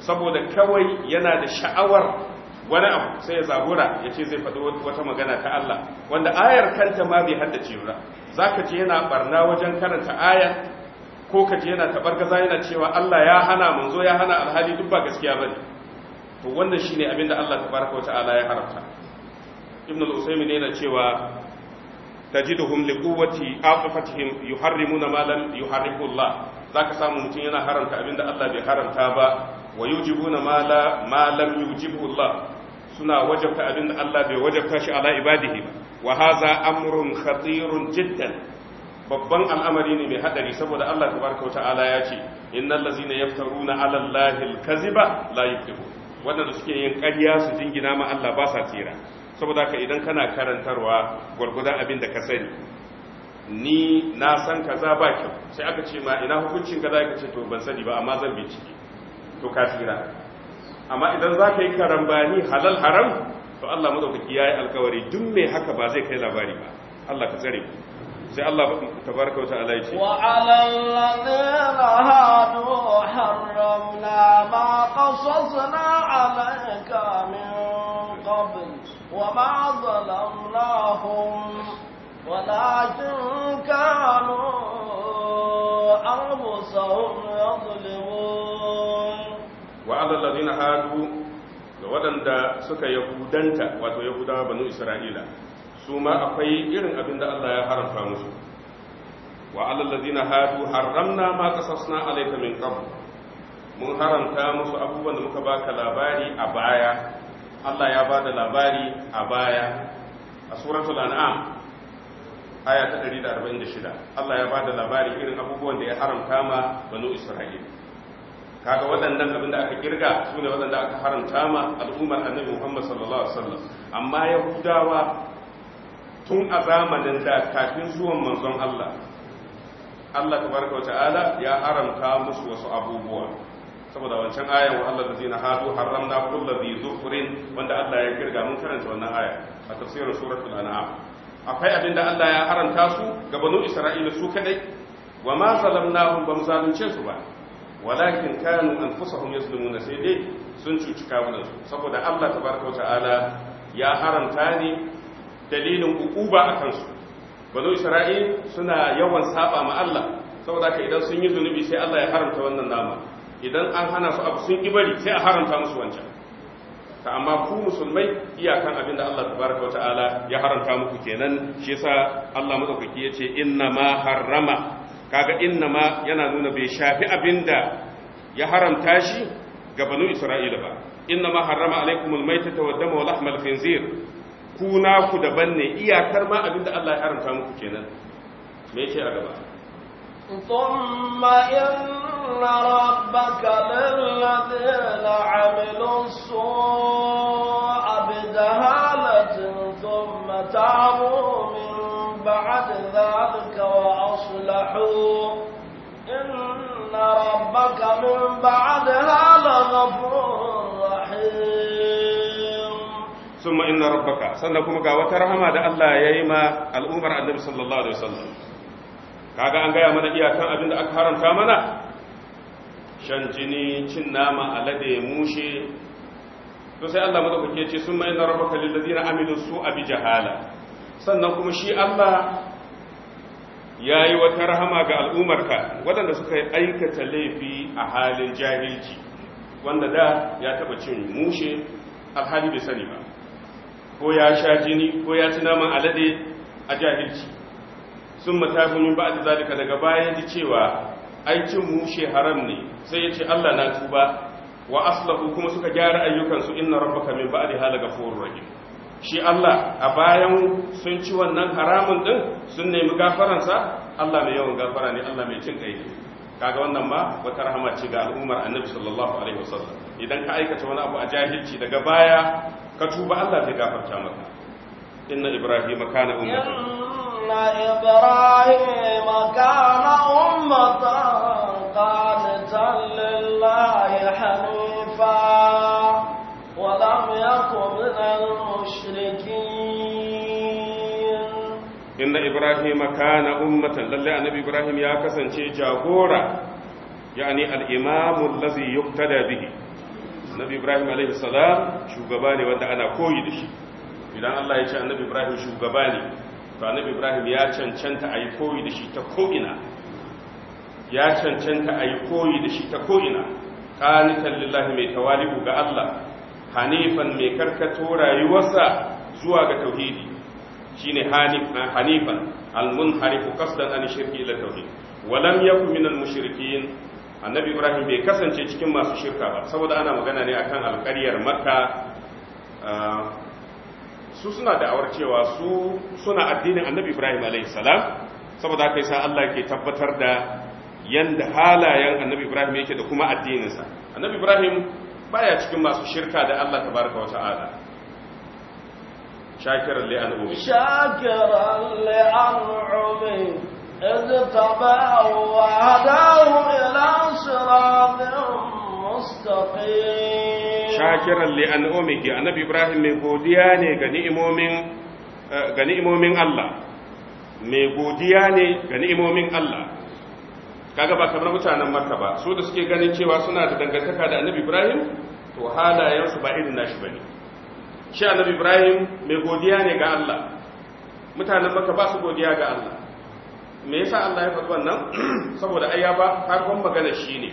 saboda kawai yana da sha'awar wani abu sai ya ya ce zai faɗi wata magana ta Allah wanda ayar kanta ma bai haddace ba za ka ce yana barna wajen karanta ayar ko ka ce yana tabargaza yana cewa Allah ya hana manzo ya hana alhali duk ba gaskiya ba to wannan shine abin da Allah tabaraka wa ta'ala ya haramta ibn al-usaymin yana cewa tajiduhum liquwwati aqifatihim yuharrimuna ma lam yuharrihu Allah zaka samu mutum yana haramta abinda Allah bai haramta ba wa yujibuna ma la ma lam yujibu Allah suna wajabta abin da Allah bai wajabta shi ala ibadihi ba wa haza amrun khatirun jiddan babban al'amari ne mai hadari saboda Allah tabaraka wa ta'ala ya ce innal ladzina yaftaruna ala allahi alkaziba la yuflihu wanda suke yin ƙarya su jingina ma Allah ba sa tsira saboda ka idan kana karantarwa gurgudan abin da ka sani ni na san kaza ba kyau sai aka ce ma ina hukuncin kaza ka ce to ban sani ba amma zan bincike to ka tsira amma idan za ka yi karambani halal haram to Allah madaukaki ya yi alkawari duk mai haka ba zai kai labari ba Allah ka tsare ku sai Allah tabaraka wa ta'ala ya ce wa alal hadu haramna ma qasasna alayka min qabl wa ma zalamnahum ولكن كانوا أنفسهم يظلمون wa alallazina hadu ga waɗanda suka yahudanta wato yahudawa banu isra'ila su ma akwai irin abin da Allah ya haramta musu wa alallazina hadu haramna ma qasasna alayka min qabl mun haramta musu abubuwan da muka baka labari a baya Allah ya bada labari a baya a suratul an'am aya ta 146 Allah ya bada labari irin abubuwan da ya haramta ma banu isra'ila kaga waɗannan abin da aka kirga su ne waɗanda aka haramta ma al'ummar annabi muhammad sallallahu alaihi wasallam amma yahudawa tun a zamanin da kafin zuwan manzon allah allah tabaraka wa ta'ala ya haramta musu wasu abubuwa saboda wancan ayan wa allah zina hadu haramna kullu dhi dhufrin wanda allah ya kirga mun karanta wannan aya a tafsirin suratul an'am akwai abin da Allah ya haramta su ga banu Isra'ila su kadai wa ma zalamnahum bam zalunce su ba walakin kanu anfusahum yazlimuna sai dai sun cuci su saboda Allah tabaraka wa ta'ala ya haramta ne dalilin ukuba a kansu bazo isra'il suna yawan saba ma Allah saboda haka idan sun yi zunubi sai Allah ya haramta wannan nama idan an hana su abu sun ki sai a haramta musu wancan ta amma ku musulmai iyakan abin da Allah tabaraka wata'ala ya haramta muku kenan shi yasa Allah ya yace inna ma harrama kaga inna ma yana nuna bai shafi abinda ya haramta shi ga banu isra'ila ba inna ma harrama alaikumul maitata wad dama wa lahmal khinzir ku na ku daban ne iyakar ma abinda Allah ya haramta muku kenan me yake a gaba ثم إن ربك للذين عملوا السوء بجهالة ثم تعبوا من بعد ذلك وأصلحوا إن ربك من بعدها لغفور رحيم ثم إن ربك سنكم قاوة رحمة الله ييما الأمر النبي صلى الله عليه وسلم kaga an gaya mana iyakan abin da aka haramta mana shan jini cin nama alade mushe to sai Allah madaukake ce sun mai na rabaka lillazina amilu su abi jahala sannan kuma shi Allah ya yi wata rahama ga al'umarka waɗanda suka yi aikata laifi a halin jahilci wanda da ya taba cin mushe alhali bai sani ba ko ya sha jini ko ya ci naman alade a jahilci sun matafi min ba da zalika daga baya ji cewa aikin mushe haram ne sai ya ce Allah na tuba wa aslahu kuma suka gyara ayyukansu inna rabbaka min ba'di halaga furur rahim shi Allah a bayan sun ci wannan haramun ɗin, sun nemi gafaransa Allah mai yawan gafara ne Allah mai cin kai kaga wannan ma wata rahama ce ga al'ummar annabi sallallahu alaihi wasallam idan ka aikata wani abu a jahilci daga baya ka tuba Allah zai gafarta maka inna ibrahima kana ummatan إبراهيم كان أمة قانتا lillahi hanifan Inna Ibrahim aka gani lalle anabi Ibrahim ya kasance jagora ya anai al'imamul lazayya ta dabe ne Ibrahim alayhi salatu shugaba ne wanda ana koyi da shi idan Allah ya ce anabi Ibrahim shugaba ne to anabi Ibrahim ya cancanta a koyi da shi ta ko'ina ya cancanta a yi koyi da shi ta ko'ina kani sallallahu alaihi wa ga Allah. hanifan mai karkato rayuwarsa zuwa ga tauhidi shine hanifan almunharifu qasdan an shirki ila tauhid walam yakun minal mushrikin annabi ibrahim bai kasance cikin masu shirka ba saboda ana magana ne akan alƙaryar makka ah, su suna da'awar cewa su suna addinin annabi ibrahim alayhi salam saboda haka yasa allah ke tabbatar da yanda halayen annabi ibrahim yake da kuma addininsa annabi ibrahim baya cikin masu shirka da Allah tabaraka wa ta'ala shakiran li an'umi shakiran li an'umi اجتباه وهداه إلى صراط مستقيم شاكرا لأنعمك النبي Ibrahim mai godiya ne eh, ga ni'imomin Allah mai godiya ne ga ni'imomin Allah kaga ba kamar mutanen makka ba su da suke ganin cewa suna da dangantaka da annabi ibrahim to su ba irin nashi ba ne shi annabi ibrahim mai godiya ne ga allah mutanen makka ba su godiya ga allah me yasa allah ya faɗi wannan [clears throat] saboda ai ba farkon magana shine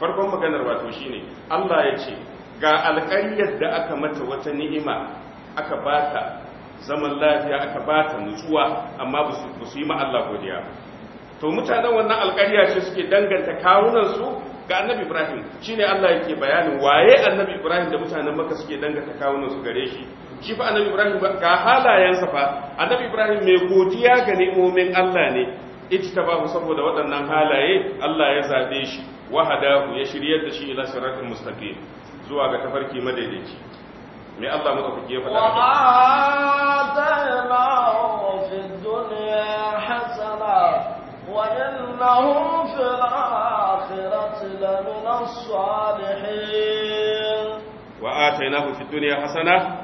farkon maganar wato shine allah ya ce ga alƙaryar da aka mata wata ni'ima aka bata zaman lafiya aka bata nutsuwa amma ba su yi ma allah godiya to mutanen wannan alƙarya ce suke danganta kawunansu ga annabi ibrahim shine allah yake bayanin waye annabi ibrahim da mutanen maka suke danganta kawunansu gare shi shi fa annabi ibrahim ga halayensa fa annabi ibrahim mai godiya ga ni'omin allah ne bahu saboda waɗannan halaye allah ya zabe shi wahadahu ya shiryar da shi ila siratin mustaqim zuwa ga tafarki madaidaici me Allah madaukake ya faɗa wa ta'ala fi dunya hasana وإنهم في الآخرة لمن الصالحين وآتيناه في الدنيا حسنة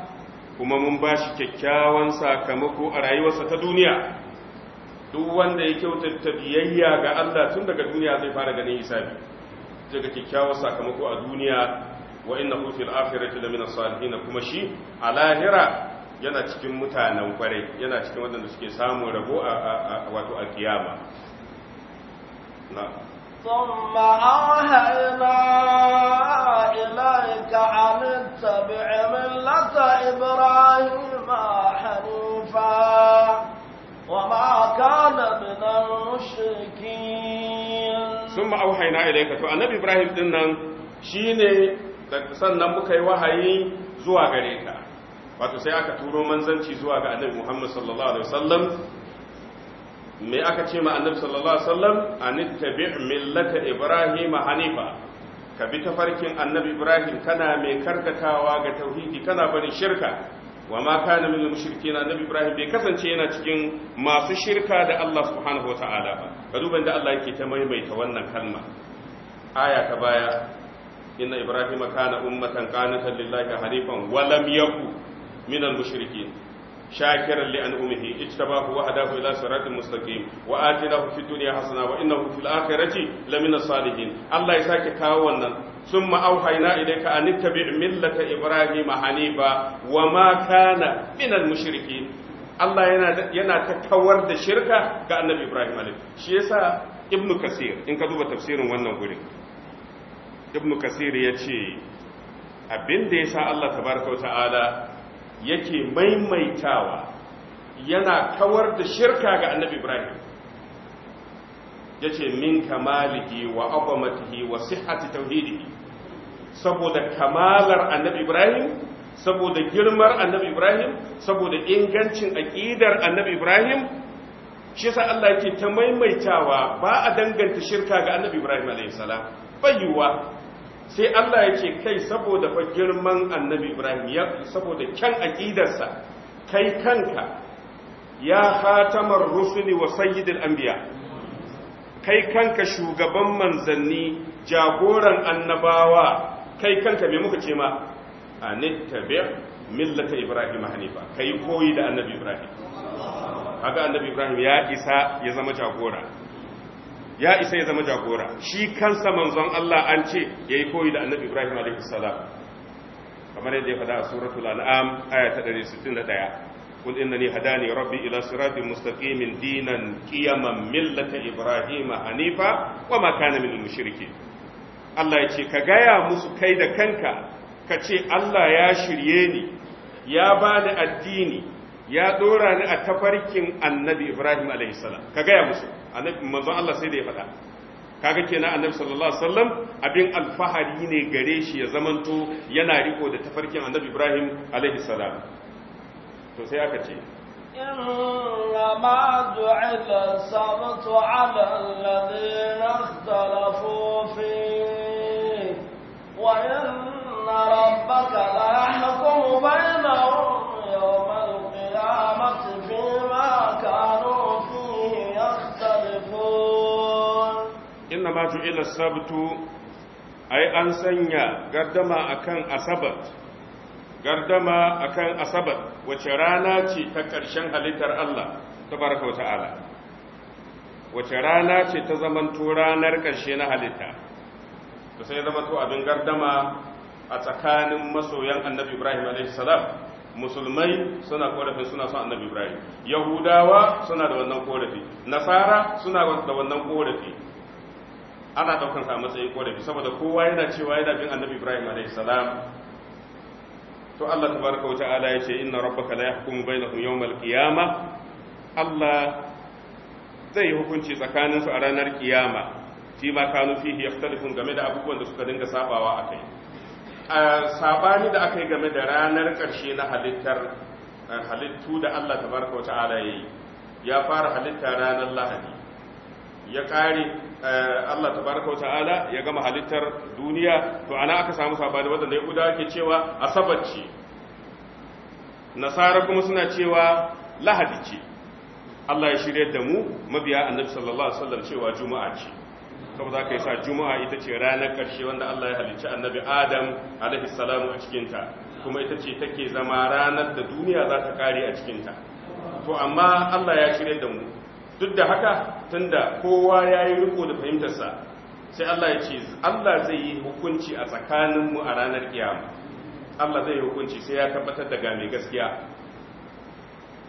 kuma mun ba shi kyakkyawan sakamako a rayuwarsa ta duniya duk wanda ya kyauta biyayya ga Allah tun daga duniya zai fara ganin hisabi daga kyakkyawan sakamako a duniya wa hu fil akhirati lamina salihin kuma shi a lahira yana cikin mutanen kwarai yana cikin waɗanda suke samun rabo a wato a kiyama ثم أوحينا إليك أن اتبع ملة إبراهيم حنيفا وما كان من المشركين ثم أوحينا إليك تو إبراهيم دنن shine sannan muka yi wahayi zuwa gare ka wato sai aka turo manzanci zuwa ga annabi Muhammad sallallahu alaihi wasallam me aka ce ma annabi sallallahu alaihi wasallam anittabi millata ibrahim hanifa ka bi tafarkin annabi ibrahim kana mai karkatawa ga tauhidi kana bari shirka wa ma kana min mushrikin annabi ibrahim bai kasance yana cikin masu shirka da Allah subhanahu wataala ba ka duba da Allah yake ta maimaita wannan kalma aya ta baya inna ibrahim kana ummatan qanatan lillahi hanifan wa lam yakun minal mushrikin شاكرا لأنعمه اجتباه وهداه إلى صراط مستقيم وآتيناه في الدنيا حسنة وإنه في الآخرة لمن الصالحين الله يساك كاونا ثم أوحينا إليك أن اتبع ملة إبراهيم حنيفا وما كان من المشركين Allah yana yana ta kawar da shirka ga Annabi Ibrahim alaihi shi yasa Ibn Kasir in ka duba tafsirin wannan gurin Ibn Kasir ya ce abinda yasa Allah tabaraka wa ta'ala yake maimaitawa yana kawar da shirka ga annabi ibrahim ya ce min kamaliki wa abamatihi wa sihhati tauhidihi saboda kamalar annabi ibrahim saboda girmar annabi ibrahim saboda ingancin aƙidar annabi ibrahim shi sa Allah yake ta maimaitawa ba a danganta shirka ga annabi ibrahim alayhi salam bayyuwa sai Allah ya ce kai saboda fa girman annabi Ibrahim ya saboda kyan aqidarsa kai kanka ya khatamar rusuli wa sayyidil anbiya kai kanka shugaban manzanni jagoran annabawa kai kanka me muka ce ma anittabi millata ibrahim hanifa kai koyi da annabi ibrahim haka annabi ibrahim ya isa ya zama jagora ya isa ya zama jagora shi kansa manzon Allah an ce yayi koyi da annabi Ibrahim alaihi salam kamar yadda ya faɗa a suratul an'am aya ta 161 قل إنني هداني ربي إلى صراط مستقيم دينا قيما Ibrahim إبراهيم Hanifa وما كان من المشركين Allah ya ce ka gaya musu kai da kanka ka ce Allah ya shirye ni ya bani addini ya dora ni a tafarkin annabi ibrahim alaihissalam ka gaya musu manzon allah sai da ya faɗa kaga kenan annabi sallallahu alaihi wasallam abin alfahari ne gare shi ya zamanto yana riko da tafarkin annabi ibrahim alaihissalam to sai aka ce إنما جعل السبت على الذين اختلفوا فيه وإن ربك ليحكم بينهم innama ila sabtu ai an sanya gardama akan asabat gardama akan asabat wace rana ce ta ƙarshen halittar Allah tabaraka wa ta'ala wace rana ce ta zamanto ranar ƙarshe na halitta da sai zamanto abin gardama a tsakanin masoyan annabi Ibrahim alayhi salam musulmai suna korafin suna son annabi ibrahim yahudawa suna da wannan korafi nasara suna da wannan korafi ana daukan sa matsayin korafi saboda kowa yana cewa yana bin annabi ibrahim alaihi salam to Allah tabaraka wa ta'ala ya ce inna rabbaka la yahkumu bainahum yawmal qiyamah Allah zai yi hukunci tsakaninsu a ranar kiyama shi ma kanu fihi yakhtalifun game da abubuwan da suka dinga sabawa akai a sabani da aka yi game da ranar karshe na halittar eh, halittu da Allah tabaraka wa ta'ala yayi ya fara halitta ranar Lahadi ya ƙare eh, Allah baraka wa ta'ala ya gama halittar duniya to ana aka samu sabani wanda Yahuda ke cewa asabar ce Nasara kuma suna cewa lahadi ce Allah ya shirya da mu mabiya annabi sallallahu alaihi wasallam cewa juma'a ce saboda yi sa juma'a ita ce ranar karshe wanda Allah ya halicci annabi Adam alaihi salamu a cikin kuma ita ce take zama ranar da duniya za ta kare a cikinta. to amma Allah ya shirya da mu duk da haka tun da kowa ya yi riko da fahimtarsa sai Allah ya ce Allah zai yi hukunci a tsakaninmu a ranar kiyama Allah zai yi hukunci sai ya tabbatar da ga mai gaskiya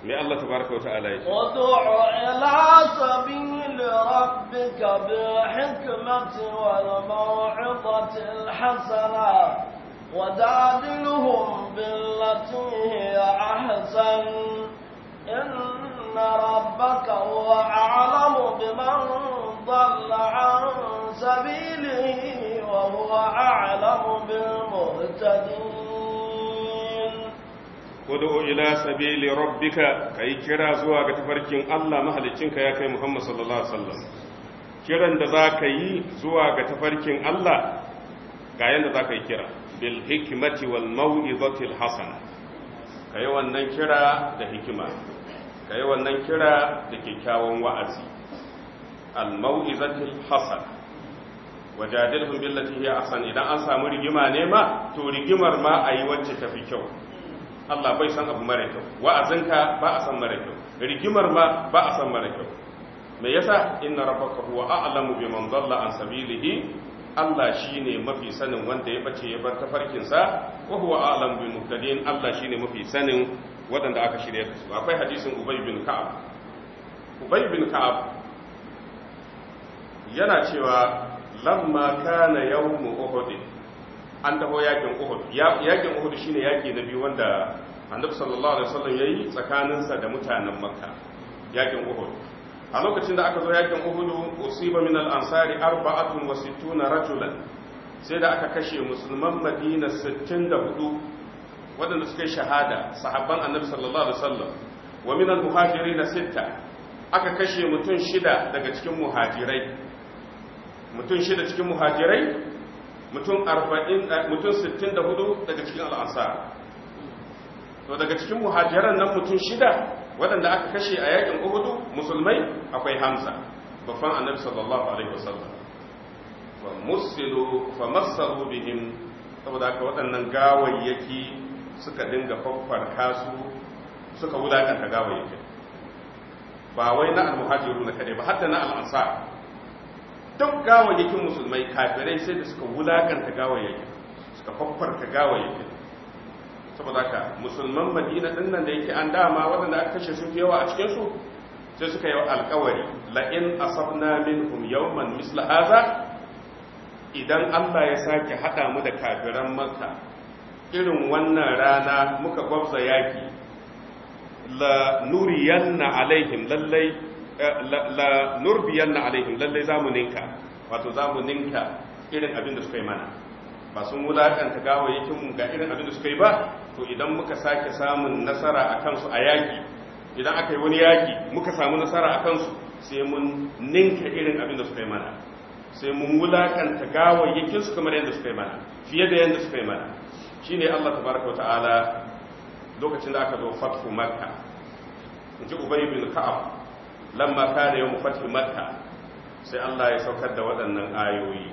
mai Allah tabaraka wata'ala ya ce wadda ila sabil rabbika bil hikmati wal maw'izati al hasana wadadilhum billati hiya ahsan ربك هو أعلم بمن ضل عن سبيله وهو أعلم بالمهتدين ودعو إلى سبيل ربك كي كرا زوا تفركين الله مهلكينك يا كي محمد صلى الله عليه وسلم kiran da za ka yi zuwa ga tafarkin Allah ga yadda za ka yi kira bil hikimati wal mau'izatil hasana ka yi wannan kira da hikima ka yi wannan kira da kyakkyawan wa'azi al-mau'izatul hasan wajadilhum billati hiya ahsan idan an samu rigima ne ma to rigimar ma a yi wacce tafi kyau Allah bai san abu mara kyau wa'azinka ba a san mara kyau rigimar ma ba a san mara kyau me yasa inna rabbaka huwa a'lamu biman dalla an sabilihi Allah shine mafi sanin wanda ya bace ya bar tafarkin sa wa huwa a'lamu bil muhtadin Allah shine mafi sanin waɗanda aka shirya da su akwai hadisin ubay bin ka'ab ubay bin ka'ab yana cewa lamma kana yawmu uhud an taho yakin uhud yakin uhud shine yaki na biyu wanda annabi sallallahu alaihi wasallam yayi tsakaninsa da mutanen makka yakin uhud a lokacin da aka zo yakin uhud usiba min al-ansari 64 rajulan sai da aka kashe musulman madina 64 waɗanda suka yi shahada sahabban annabi sallallahu alaihi wasallam wa minal muhajirin sitta aka kashe mutum shida daga cikin muhajirai mutum shida cikin muhajirai mutum 40 eh, mutum 64 daga cikin al'ansar to daga cikin muhajiran nan mutum shida waɗanda aka kashe a yakin uhudu musulmai akwai hamza babban annabi sallallahu alaihi wasallam fa musilu fa masalu bihim saboda haka waɗannan gawayyaki suka dinga fanfarka su suka wulakanta gawayin ba wai na almuhajiru na kaɗai ba hatta na al'ansa duk gawayyakin musulmai kafirai sai da suka wulakanta gawayyakin suka faffarta gawayyakin saboda ka musulman madina din nan da yake an dama waɗanda aka kashe su yawa a cikin su sai suka yi alkawari la'in asabna minhum yawman misla hadha idan Allah ya sake hada mu da kafiran makka irin wannan rana muka gwabza yaki la nuriyanna alaihim lallai eh, la nurbiyanna alaihim lallai zamu ninka wato zamu ninka irin abin da suka yi mana ba sun wulakanta gawayyakin mu ga irin abin da suka yi ba to idan muka sake samun nasara a kansu a yaki idan aka yi wani yaki muka samu nasara a kansu sai mun ninka irin abin da suka yi mana sai mun wulakanta gawayyakin su kamar yadda suka yi mana fiye da yadda suka yi mana Shi ne Allah tabaraka wa ta'ala lokacin da aka zo fathu makka in ji ubay bin ka'ab lamma kana yawm fathu makka sai Allah ya saukar da waɗannan ayoyi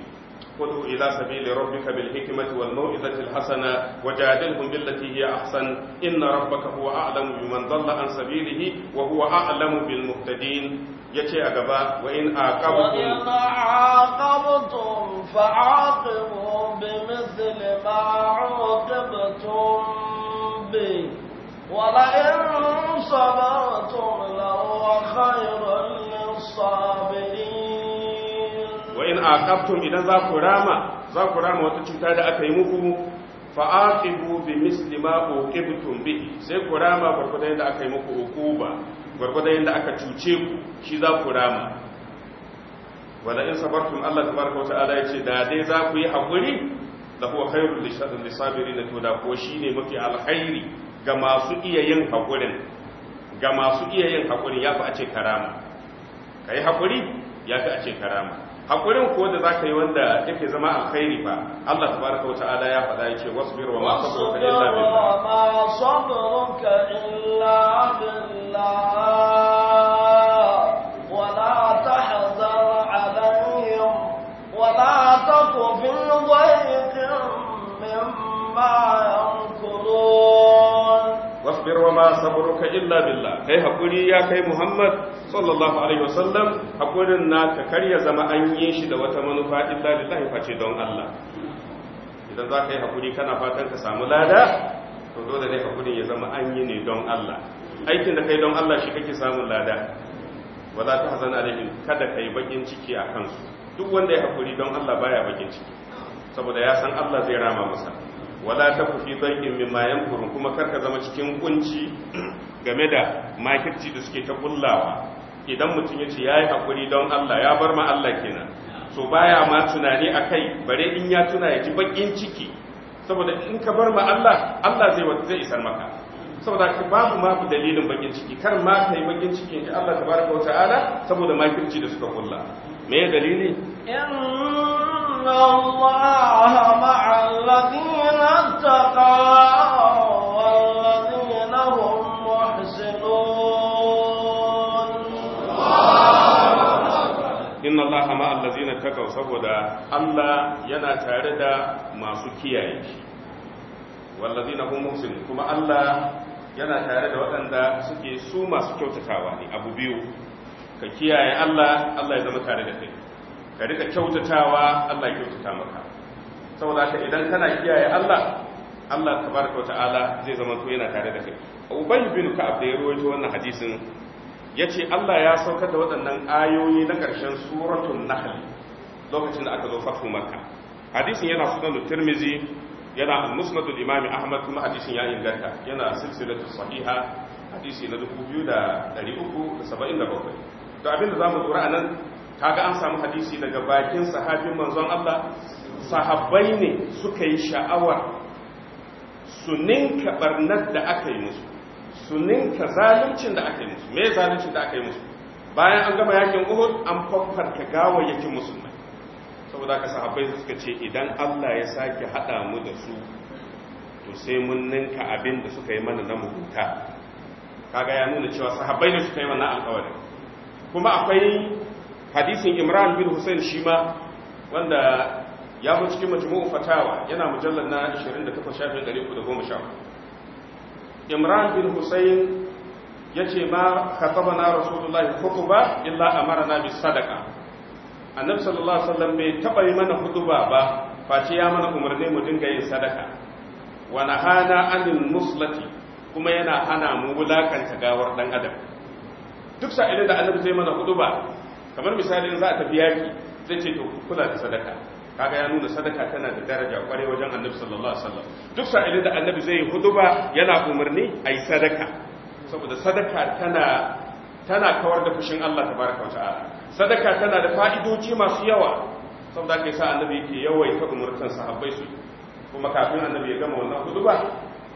kudu ila sabili rabbika bil hikmati wal mau'izati al hasana wajadilhum billati hiya ahsan inna rabbaka huwa a'lamu biman dhalla an sabilihi wa huwa a'lamu bil muhtadin yace a gaba wa in aqabtum fa aqabtum fa aqibu bimithli ma bi wa la in sabartum la huwa khayrun lis-sabirin wa in aqabtum idan za ku rama za ku rama wata cuta da aka yi muku fa aqibu bimithli ma uqibtum bi sai ku rama gurgurdan da aka yi muku hukuba gwargwadon yadda aka cuce ku shi za ku rama wadda in sabartum Allah Ta wata ala ya yace da dai za ku yi haƙuri da huwa khairul lisabirin to da ko ne mafi alkhairi ga masu iya yin haƙurin ga masu iya yin ya fi a ce karama ka haƙuri ya fi a ce karama haƙurin ko da ka yi wanda yake zama alkhairi ba Allah Ta barka wata ala ya faɗa yace wasbir wa ma sabruka illa billah wasbir illa billah kai hakuri ya kai Muhammad sallallahu alaihi wasallam hakurin naka kar ya zama an yi shi da wata manufa illa billah face don Allah idan za ka yi hakuri kana fatan ka samu lada to dole ne hakurin ya zama an yi ne don Allah aikin da kai don Allah shi kake samun lada ba za ta hazana kada kai bakin ciki a kansu duk wanda ya hakuri don Allah baya bakin ciki saboda ya san Allah zai rama masa wala ta kufi daikin mayan kurun kuma karka zama cikin kunci [clears throat] game da makirci da suke ta kullawa idan mutum ya ce ya yi hakuri don Allah ya bar ma Allah kenan so baya ma tunani a kai bare in ya tuna ya ji bakin ciki saboda in ka bar ma Allah Allah zai isar maka saboda ka babu ma dalilin bakin ciki kar ma ka yi bakin ciki ga Allah tabaraka wa ta'ala saboda makirci da suka kulla me ya dalili inna Allah ma'a alladhina taqaw walladhina hum muhsinun inna Allah ma'a alladhina taqaw saboda Allah yana tare da masu kiyaye shi wallazina hum muhsinun kuma Allah yana tare da waɗanda suke su masu kyautatawa ne abu biyu ka kiyaye Allah Allah ya zama tare da kai ka rika kyautatawa Allah ya kyautata maka saboda ka idan kana kiyaye Allah Allah tabaraka wa ta'ala zai zama to yana tare da kai Ubay bin Ka'ab da ya rawaito wannan hadisin yace Allah ya saukar da waɗannan ayoyi na ƙarshen suratul Nahl lokacin da aka zo fatu Makka hadisin yana sunan Tirmidhi yana al-musnadul imami ahmad kuma hadisin ya inganta yana silsilatu sahiha hadisi na 2377 to abinda zamu dora anan kaga an samu hadisi daga bakin sahabin manzon Allah sahabbai ne suka yi sha'awar su ninka barnar da aka yi musu su ninka zaluncin da aka yi musu me zaluncin da aka yi musu bayan an gama yakin Uhud an gawa gawayyakin musulmai saboda ka sahabbai suka ce idan Allah ya sake hada mu da su to sai mun ninka abin da suka yi mana na mugunta kaga ya nuna cewa sahabbai ne suka yi wannan alƙawari kuma akwai hadisin Imran bin Hussein shi ma wanda ya fi cikin majmu'u fatawa yana mujallar na 28 shafin 310 imran bin husayn yace ma khatabana rasulullahi khutba illa amarna bis sadaqa annabi sallallahu alaihi wasallam bai taba yi mana hutuba ba face ya mana umarni mu dinga yin sadaka wa nahana anil muslati kuma yana hana mu wulakanta gawar dan adam duk sa'ilin da annabi zai mana hutuba kamar misali za a tafi yaki zai ce to kula da sadaka kaga ya nuna sadaka tana da daraja kware wajen annabi sallallahu alaihi wasallam duk sa'ilin da annabi zai hutuba yana umarni ayi sadaka saboda sadaka tana tana kawar da fushin Allah tabaraka wa ta'ala sadaka tana da fa'idoci masu yawa sau da ke sa annabi yawai yawaita umurtan sahabbai su kuma kafin annabi ya gama wannan ba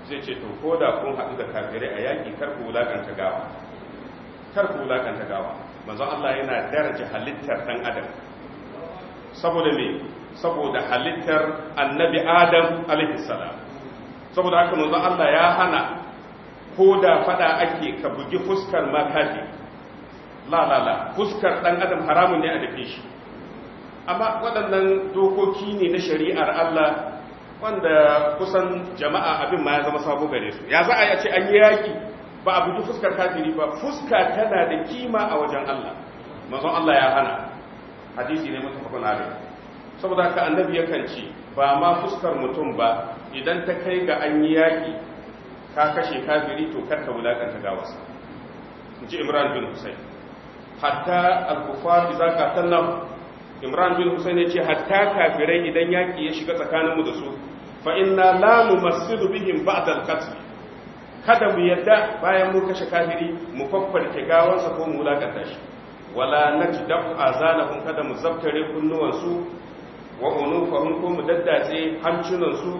zai ce to ko da kun haɗu da kafirai a yaƙi kar ku wulaƙanta gawa kar ku wulaƙanta gawa manzon Allah yana daraja halittar ɗan adam saboda me saboda halittar annabi adam alaihi salam saboda haka manzon Allah ya hana ko da fada ake ka bugi fuskar makafi la la la fuskar dan adam haramun ne a dake shi amma waɗannan dokoki ne na shari'ar Allah wanda kusan jama'a abin ma ya zama sabo gare su ya za a yi ce an yi yaki ba a buji fuskar kafiri ba fuska tana da kima a wajen Allah manzon Allah ya hana hadisi ne mutafakun alai saboda haka annabi yakan ce ba ma fuskar mutum ba idan ta kai ga an yi yaki ka kashe kafiri to karka wulakanta gawarsa in ji Imran bin Husayn hatta al-kufar idza qatalna imran bin husayn yace hatta kafirai idan yaki ya shiga tsakanin mu da su fa inna la numassidu bihim ba'da al-qatl kada mu yadda bayan mu kashe kafiri mu faffarke gawansa ko mu wulakanta shi wala najdabu azanahum kada mu kunnuwan kunnuwansu wa unufahum ko mu hancunan su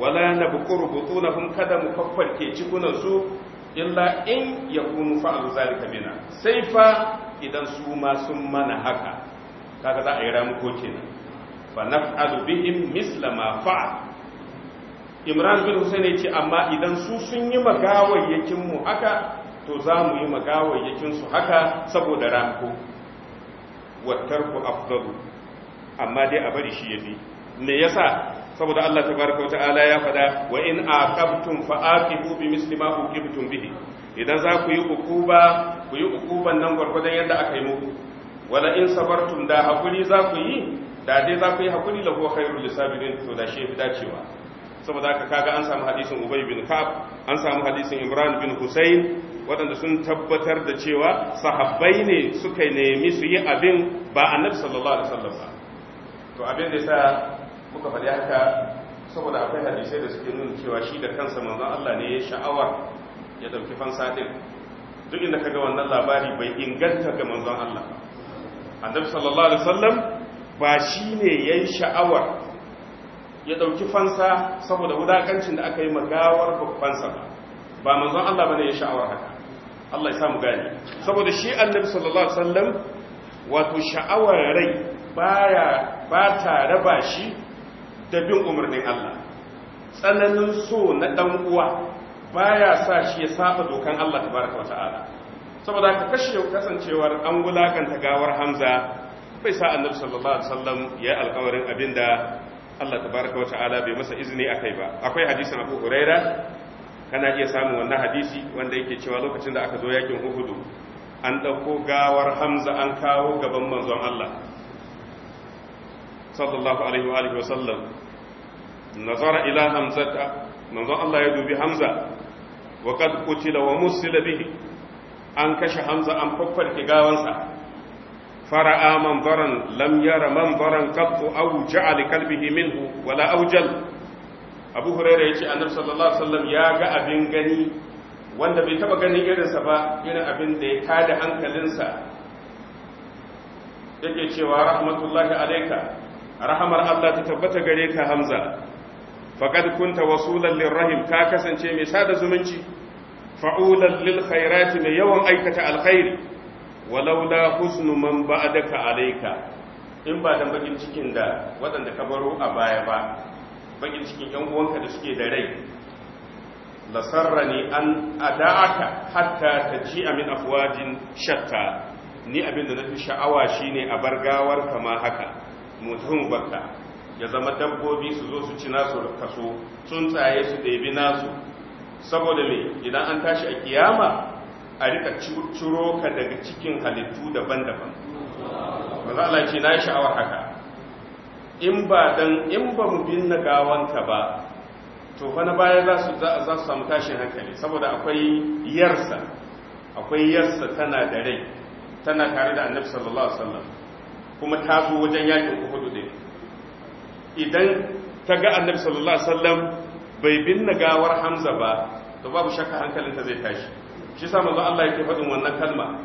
wala nabqur butunahum kada mu faffarke cikunansu illa in yakunu fa'alu zalika bina sai fa idan su ma sun mana haka kaga za a yi ramuko kenan fa naf'alu bihim misla ma imran bin husayn yace amma idan su sun yi magawayyakin mu haka to za mu yi magawayyakin su haka saboda ramuko wa tarku afdalu amma dai a bari shi yafi me yasa saboda Allah tabaraka wa ta'ala ya faɗa? wa in aqabtum fa aqibu bi misli ma uqibtum bihi idan za ku yi ukuba ku yi ukuban nan gwargwadon yadda aka yi muku wala in sabartum da hakuri za ku yi da dai za ku yi hakuri da ko khairul lisabirin to da shi fi dacewa saboda haka kaga an samu hadisin ubay bin Ka'b an samu hadisin imran bin husayn waɗanda sun tabbatar da cewa sahabbai ne suka nemi su yi abin ba annabi sallallahu alaihi wasallam ba to abin da yasa muka faɗi haka saboda akwai hadisai da suke nuna cewa shi da kansa manzon Allah ne ya sha'awar ya dauki fansa din duk inda kaga wannan labari bai inganta ga manzon Allah annabi sallallahu alaihi wasallam ba shine yayin sha'awar ya dauki fansa saboda wudakancin da aka yi magawar babbansa ba ba manzon Allah bane ya sha'awar haka Allah ya samu gani saboda shi annabi sallallahu alaihi wasallam wato sha'awar rai baya ba ta raba shi da bin umarnin Allah tsananin so na dan uwa baya sa shi ya saba dokan Allah tabaraka wa ta'ala saboda haka kashe kasancewar an wulakanta gawar Hamza bai sa annabi sallallahu alaihi wasallam ya alƙawarin abinda Allah tabaraka wa ta'ala bai masa izini akai ba akwai hadisin Abu Huraira kana iya samun wannan hadisi wanda yake cewa lokacin da aka zo yakin Uhud an dauko gawar Hamza an kawo gaban manzon Allah sallallahu alaihi wa alihi wasallam nazara ila hamzata manzon Allah ya dubi Hamza wa qad qutila wa musila bihi an kashe hamza an faffarke gawansa fara'a manzaran lam yara manzaran qattu aw ja'ala qalbihi minhu wala awjal abu hurairah yace a sallallahu alaihi wasallam ya ga abin gani wanda bai taɓa ganin irinsa ba irin abin da ya kada hankalinsa yake cewa rahmatullahi alaika rahamar Allah ta tabbata gare ka hamza faqad kunta wasulan lirrahim ka kasance mai sada zumunci fa'ulan lil khairati mai yawan aikata alkhairi walaula husnu man ba'daka alayka in ba dan bakin cikin da waɗanda ka baro a baya ba bakin cikin yan uwanka da suke da rai lasarrani an ada'aka hatta a min afwajin shatta ni abin da nafi sha'awa shine a bargawar kama haka mutum barka ya zama dabbobi su zo su ci nasu kaso tsaye su ɗebi nasu saboda me idan an tashi a kiyama a rika ciro ka daga cikin halittu daban-daban maza Allah ce na yi sha'awar haka in ba dan in ba mu binne gawanka ba to fa na baya za su samu tashin hankali saboda akwai yarsa akwai yarsa tana da rai tana tare da annabi sallallahu alaihi wasallam kuma ta zo wajen yakin Uhud din idan ta ga annabi sallallahu alaihi wasallam bai binne gawar hamza ba to babu shakka ta zai tashi shi sa manzo Allah yake faɗin wannan kalma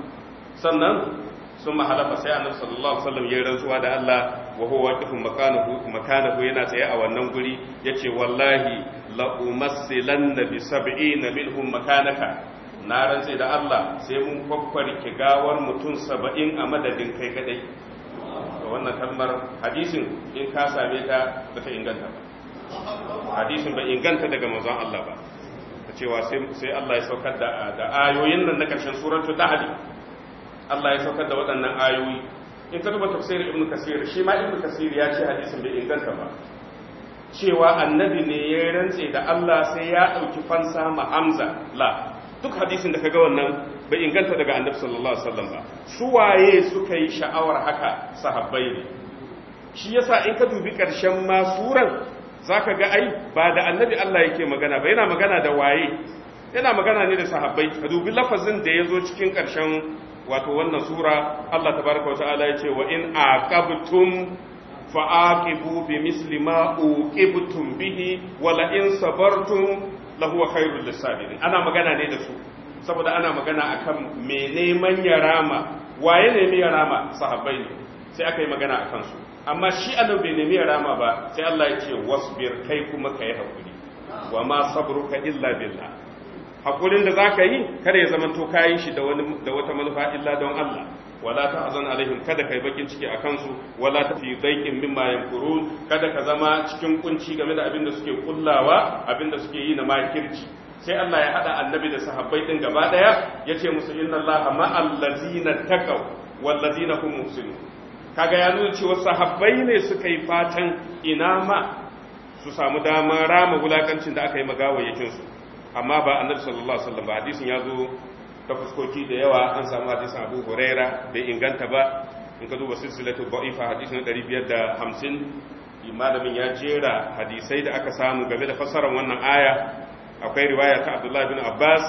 sannan sun mahalafa sai annabi sallallahu alaihi wasallam ya rantsuwa da Allah wa huwa waqifun makanahu makanahu yana tsaye a wannan guri yace wallahi la umassilanna bi sab'ina minhum makanaka na rantse da Allah sai mun kwakkwarke gawar mutum saba'in a madadin kai kadai wannan kalmar hadisin in ka same ta ba ta inganta ba hadisin ba inganta daga manzon Allah ba ta cewa sai Allah ya saukar da ayoyin nan na karshen suratul nahl Allah ya saukar da waɗannan ayoyi in ka duba tafsir ibn kasir shi ma ibn kasir ya ce hadisin bai inganta ba cewa annabi ne ya rantse da Allah sai ya dauki fansa ma Hamza la duk hadisin da kaga wannan bai inganta daga annabi sallallahu alaihi wasallam ba su waye suka yi sha'awar haka sahabbai ne shi yasa in ka dubi karshen ma suran zaka ga ai ba da annabi Allah yake magana ba yana magana da waye yana magana ne da sahabbai ka dubi lafazin da yazo cikin karshen wato wannan sura Allah tabaraka ta'ala yace wa in aqabtum fa'aqibu bimisli ma uqibtum bihi wala in sabartum lahu khairul lisabirin ana magana ne da su saboda ana magana akan me manya rama waye ne ya rama sahabbai ne sai aka yi magana akan su amma shi annabi bai nemi miya rama ba sai Allah ya ce wasbir kai kuma kai hakuri wa ma sabruka illa billah hakurin da zaka yi kada ya zama to yi shi da wani da wata manufa illa don Allah wala azan alaihim kada kai bakin ciki akan su wala ta fi daikin mimma yankurun kada ka zama cikin kunci game da abin da suke kullawa abin da suke yi na makirci sai Allah ya hada annabi da sahabbai din gaba daya yace musu inna ma'al ladzina taqaw wal ladina hum muslimun kaga ya nuna cewa sahabbai ne suka yi fatan ina ma su samu dama rama wulakancin da aka yi magawayyakin su amma ba annabi sallallahu alaihi wasallam ba hadisin ya zo ta fuskoki da yawa an samu hadisin Abu Huraira bai inganta ba in ka duba silsilatu da'ifa hadisin 550 malamin ya jera hadisai da aka samu game da fassarar wannan aya akwai riwaya ta abdullahi bin abbas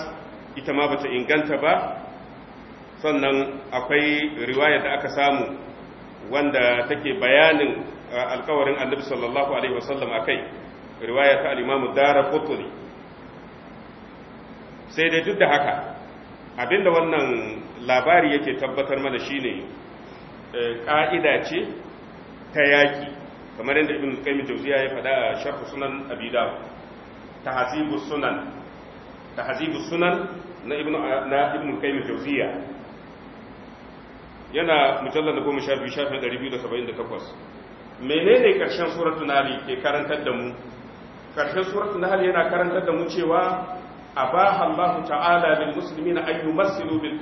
ita ma bata inganta ba sannan akwai riwaya da aka samu wanda take bayanin uh, alkawarin annabi sallallahu alaihi wasallam akai riwaya ta al-imamu dara qutni sai dai duk da haka abinda wannan labari yake tabbatar mana shine eh, ka'ida ce ta yaki kamar yadda ibn qayyim jawziya ya faɗa a sharh sunan abi dawud tahzibu sunan na ibn na ibn yana mujallal da goma sha biyu shafin ɗari biyu da saba'in da takwas menene ƙarshen suratu nali ke karantar da mu ƙarshen suratu nali yana karantar da mu cewa a Allah ta'ala lil muslimina an yumassilu bil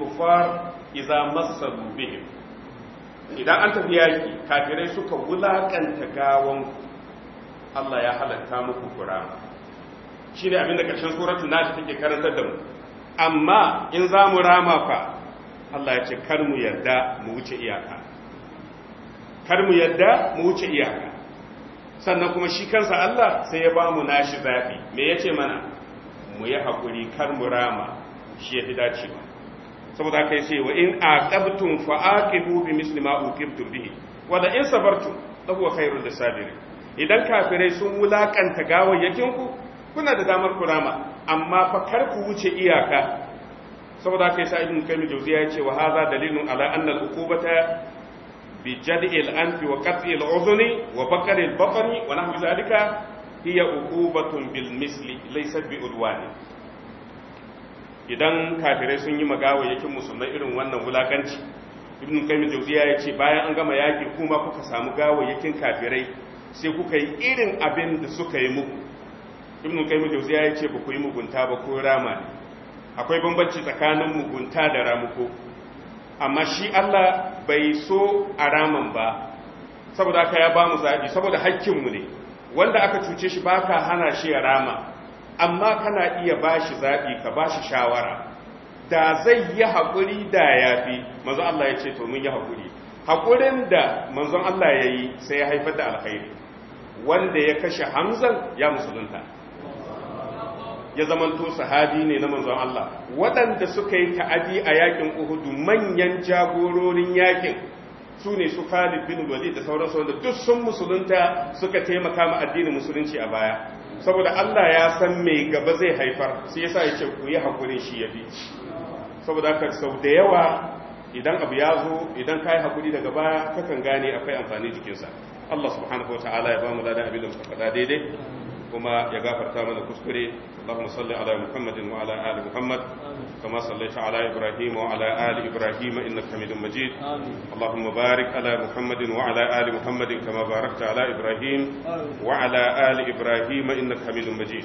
idan an tafi yaki kafirai suka wulakanta gawan Allah ya halatta muku kurama ne abinda ƙarshen suratun nashi take karantar da mu amma in za mu rama fa Allah ya ce kar mu yarda mu wuce iyaka kar mu yarda mu wuce iyaka sannan kuma shi kansa Allah sai ya ba mu nashi zafi. me ya ce mana mu yi hakuri kar mu rama shi ya fi dacewa saboda kai sai wa in aqabtum fa aqibu bi misli ma uqibtum bihi wa da in sabartum huwa khairul sabirin idan kafirai sun wulakanta gawayyakin ku kuna da damar kurama amma fa kar ku wuce iyaka saboda kai sai ibn jawzi ya yace wa hadha dalilun ala anna al-uqubata bi jad'i al wa qat'i al-udhuni wa baqari al-batni wa nahwi zalika hiya uqubatun bil misli laysa bi udwani idan kafirai sun yi gawayyakin musulmai irin wannan wulakanci ibn jawzi ya ce bayan an gama yaki kuma kuka samu gawayyakin kafirai sai kuka yi irin abin da suka yi muku ibn qayyim jawziya ya ce ba ku yi mugunta ba ko rama ne akwai bambanci tsakanin mugunta da ramuko amma shi Allah bai so a raman ba saboda aka ya bamu mu zaɓi saboda mu ne wanda aka cuce shi baka hana shi ya rama amma kana iya ba shi zaɓi ka ba shi shawara da zai yi haƙuri da yafi fi manzon Allah ya ce to mun yi hakuri. haƙurin da manzon Allah ya yi sai ya haifar da alkhairi wanda ya kashe hamzan ya musulunta ya zamanto sahabi ne na manzon Allah waɗanda suka yi ta'adi a yakin Uhudu manyan jagororin yakin su ne su Khalid bin Walid da sauransu wanda duk sun musulunta suka taimaka ma addinin musulunci a baya saboda Allah ya san me gaba zai haifar sai yasa ya ce ku yi hakurin shi ya bi saboda haka sau da yawa idan abu ya zo idan kayi hakuri daga baya kakan gane akwai amfani jikinsa Allah subhanahu wa ta'ala ya ba mu ladan abin da muka daidai kuma ya gafarta mana kuskure اللهم صل على محمد وعلى آل محمد كما صليت على إبراهيم وعلى آل إبراهيم إنك حميد مجيد اللهم بارك على محمد وعلى آل محمد كما باركت على إبراهيم وعلى آل إبراهيم إنك حميد مجيد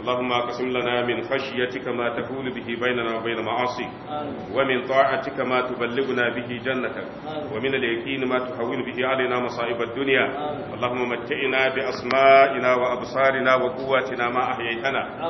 اللهم اقسم لنا من خشيتك ما تحول به بيننا وبين معاصيك ومن طاعتك ما تبلغنا به جنتك ومن اليقين ما تحول به علينا مصائب الدنيا اللهم متعنا بأسمائنا وأبصارنا وقواتنا ما أحييتنا